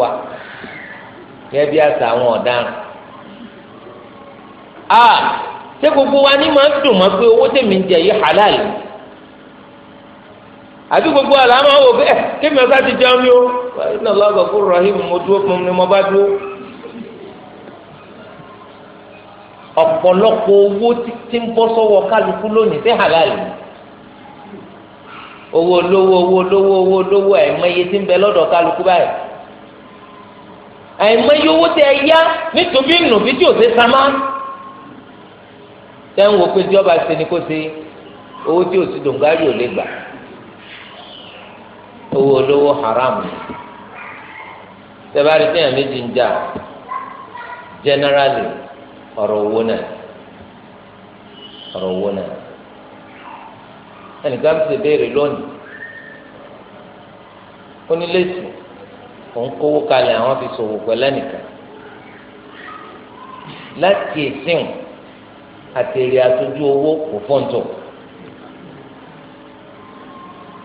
kẹ́ bí àṣà àwọn ọ̀daràn. a ṣé gbogbo wa ní máa ń dùn mọ́ pé owó tèmi ń jẹ yìí halal àbí gbogbo àlámà wò bẹ́ẹ̀ eh, kémi ọ̀sá ti jẹun ní o iná lọ́gọ̀ fún rahim mo dúró fún mi mo bá dúró. ọ̀pọ̀lọpọ̀ owó tí ń bọ́ sọ́wọ́ kálukú lónìí sí halal owó olówó owó olówó owó olówó ẹ̀mọ́ye tí ń bẹ lọ́dọ̀ kálukú báyìí àìmọye owó tẹ ẹ yá nítorí nùbí tí ò ṣe samá tẹ ń wo pé tí ọba ṣe ni kò ṣe owó tí ò sí dòǹgárì ò lè gbà owó olówó haram tẹ́bárí tẹ́yàn méjì ń jà generally ọ̀rọ̀ owó náà ọ̀rọ̀ owó náà ẹnìkan ti béèrè lónìí ó ní lẹ́sìn òun kówó kalẹ̀ àwọn fi ṣòwò pẹ̀lẹ́ nìkan láti ìsìn àtẹ̀rẹ̀ àtọ́jú owó kò fọ́ǹtò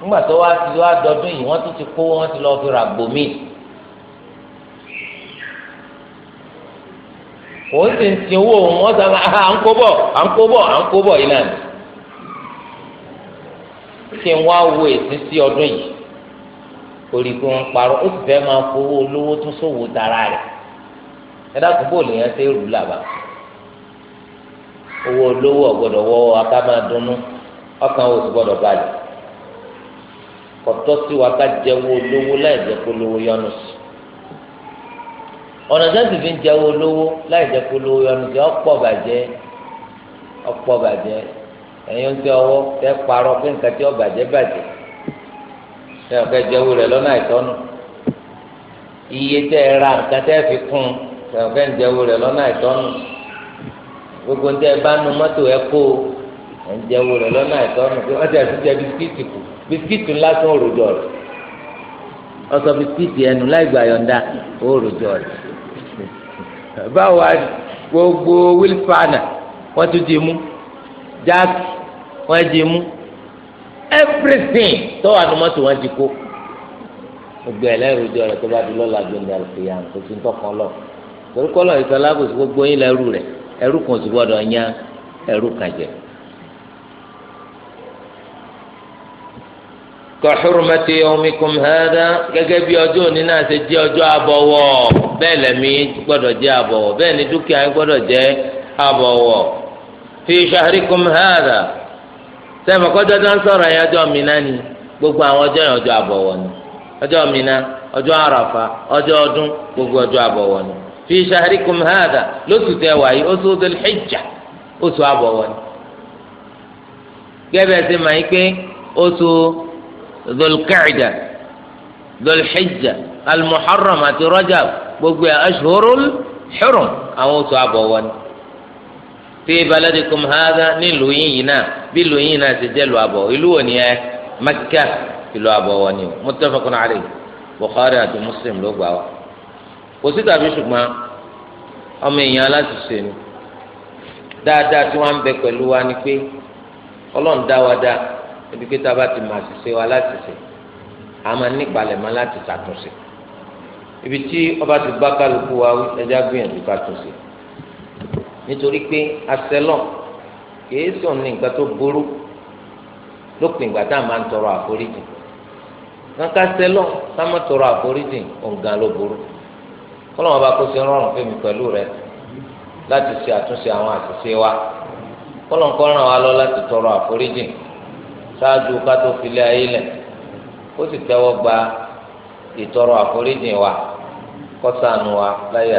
nígbà tó wá ti wá dọdún yìí wọ́n tún ti kówó wọ́n ti lọ́ọ́ fi ra gbòmí. òun sì ń ti owó òun wọ́n sábà à ń kó bọ̀ à ń kó bọ̀ à ń kó bọ̀ yìí náà ni. kí wá wo èsì sí ọdún yìí orí pé wọn parọ́ ó sì fẹ́ máa fowó olówó tún sòwò tara rẹ̀ ẹ dákun bó lè yẹn ṣe rù làbà owó olówó ọgbọ́dọ̀ wọwọ aká máa dunnú ọkàn wo sì gbọ́dọ̀ balẹ̀ kọtọ sí wa ká jẹwó olówó láì jẹ kó lówó yọnu sí ọ̀nà sẹ́ǹsì fi ń jẹwó olówó láì jẹ kó lówó yọnu sí ọ̀pọ̀ bàjẹ́ ọ̀pọ̀ bàjẹ́ ẹ̀yin ń tẹ ọwọ́ tẹ parọ́ pé nǹkan tí ó bàjẹ́ ṣé ọ̀kẹ́ jẹ́wó rẹ̀ lọ́nà àìtọ́nù iye tẹ́ ẹ ra nǹkan tẹ́ fi kún ṣé ọ̀kẹ́ jẹ́wó rẹ̀ lọ́nà àìtọ́nù gbogbo ń tẹ́ ẹ bá nu mọ́tò ẹ kó ẹ ń jẹ́wó rẹ̀ lọ́nà àìtọ́nù pé wọ́n ti ẹ̀ fi jẹ bisikíìtì kù bisikíìtì lásán òròjọ rẹ̀ ọsọ bisikíìtì ẹnu láì gbà yọ̀ǹda òròjọ rẹ̀ báwo wá gbogbo wílfàánà wọ́n tún ti mú jáàkì wọ́n ti mú everything tó wà ní mọ́tò wọn ti kó gbogbo ẹlẹ́rù di ọ̀rẹ́ tó bá di lọ́la gbẹ̀ngà ìyá kò sí tọkàn lọ torí kọ́lọ̀ kò sí gbogbo yín lẹ́rù rẹ̀ ẹrú kan sì gbọ́dọ̀ yan ẹrú kan jẹ. gẹ́gẹ́ bí ọjọ́ òní náà ṣe jẹ́ ọjọ́ àbọ̀wọ̀ bẹ́ẹ̀ lẹ́mí gbọ́dọ̀ jẹ́ àbọ̀wọ̀ bẹ́ẹ̀ ni dúkìá gbọ́dọ̀ sẹ́mi ọ̀kọ́jọ́ tó ń sọ̀rọ̀ yẹn ọjọ́ Mínà ni gbogbo àwọn ọjọ́ yẹn ọjọ́ àbọ̀wọ̀ ni ọjọ́ Mínà ọjọ́ Àràfà ọjọ́ ọdún gbogbo ọjọ́ àbọ̀wọ̀ ni fi shahrikum hadha lóṣù tẹ wáyé oṣù Dhul Hijja oṣù àbọ̀wọ̀ ni. gẹ́gẹ́ ti máa ń pé oṣù Dhul Qa'da Dhul àti Rajab gbogbo ashhurul hurum àwọn oṣù àbọ̀wọ̀ ni fi baladikum hada nílùú yìnyín náà bí lùú yìnyín náà ti jẹ́ lu àbọ̀ ìlú wo ni ẹ Mẹ́kà ìlú àbọ̀ wọn ni o muttafaqun alayhi Bukhari àti Muslim ló gbà wá. kò sí tàbí ṣùgbọ́n ọmọ èèyàn aláṣìṣe ni dáadáa tí wọ́n ń bẹ pẹ̀lú wa ni pé Ọlọ́run dá wa dá ebi pé tá a bá ti máa ṣiṣẹ́ wa láti ṣe a máa ní ìpalẹ̀mọ́ láti ṣàtúnṣe ibi tí ọba ti bá kálukú wa ẹja gbìyànjú ká túnṣe. nítorí pé asẹlọ kìí sùn ní nǹkan tó burú lópin ìgbà tá a máa ń tọrọ àforíjì nǹkan sẹlọ tọrọ àforíjì òǹgàn ló burú kọlọ́wọ́n bá kó ṣe rọrùn fún rẹ láti ṣe àtúnṣe àwọn àṣìṣe wa kọlọ́wọ́n kọ́ ràn wá lọ láti tọrọ àforíjì ṣáájú ká tó filẹ̀ ayé lẹ̀ ó sì gba ìtọrọ àforíjì wa kó wa láyé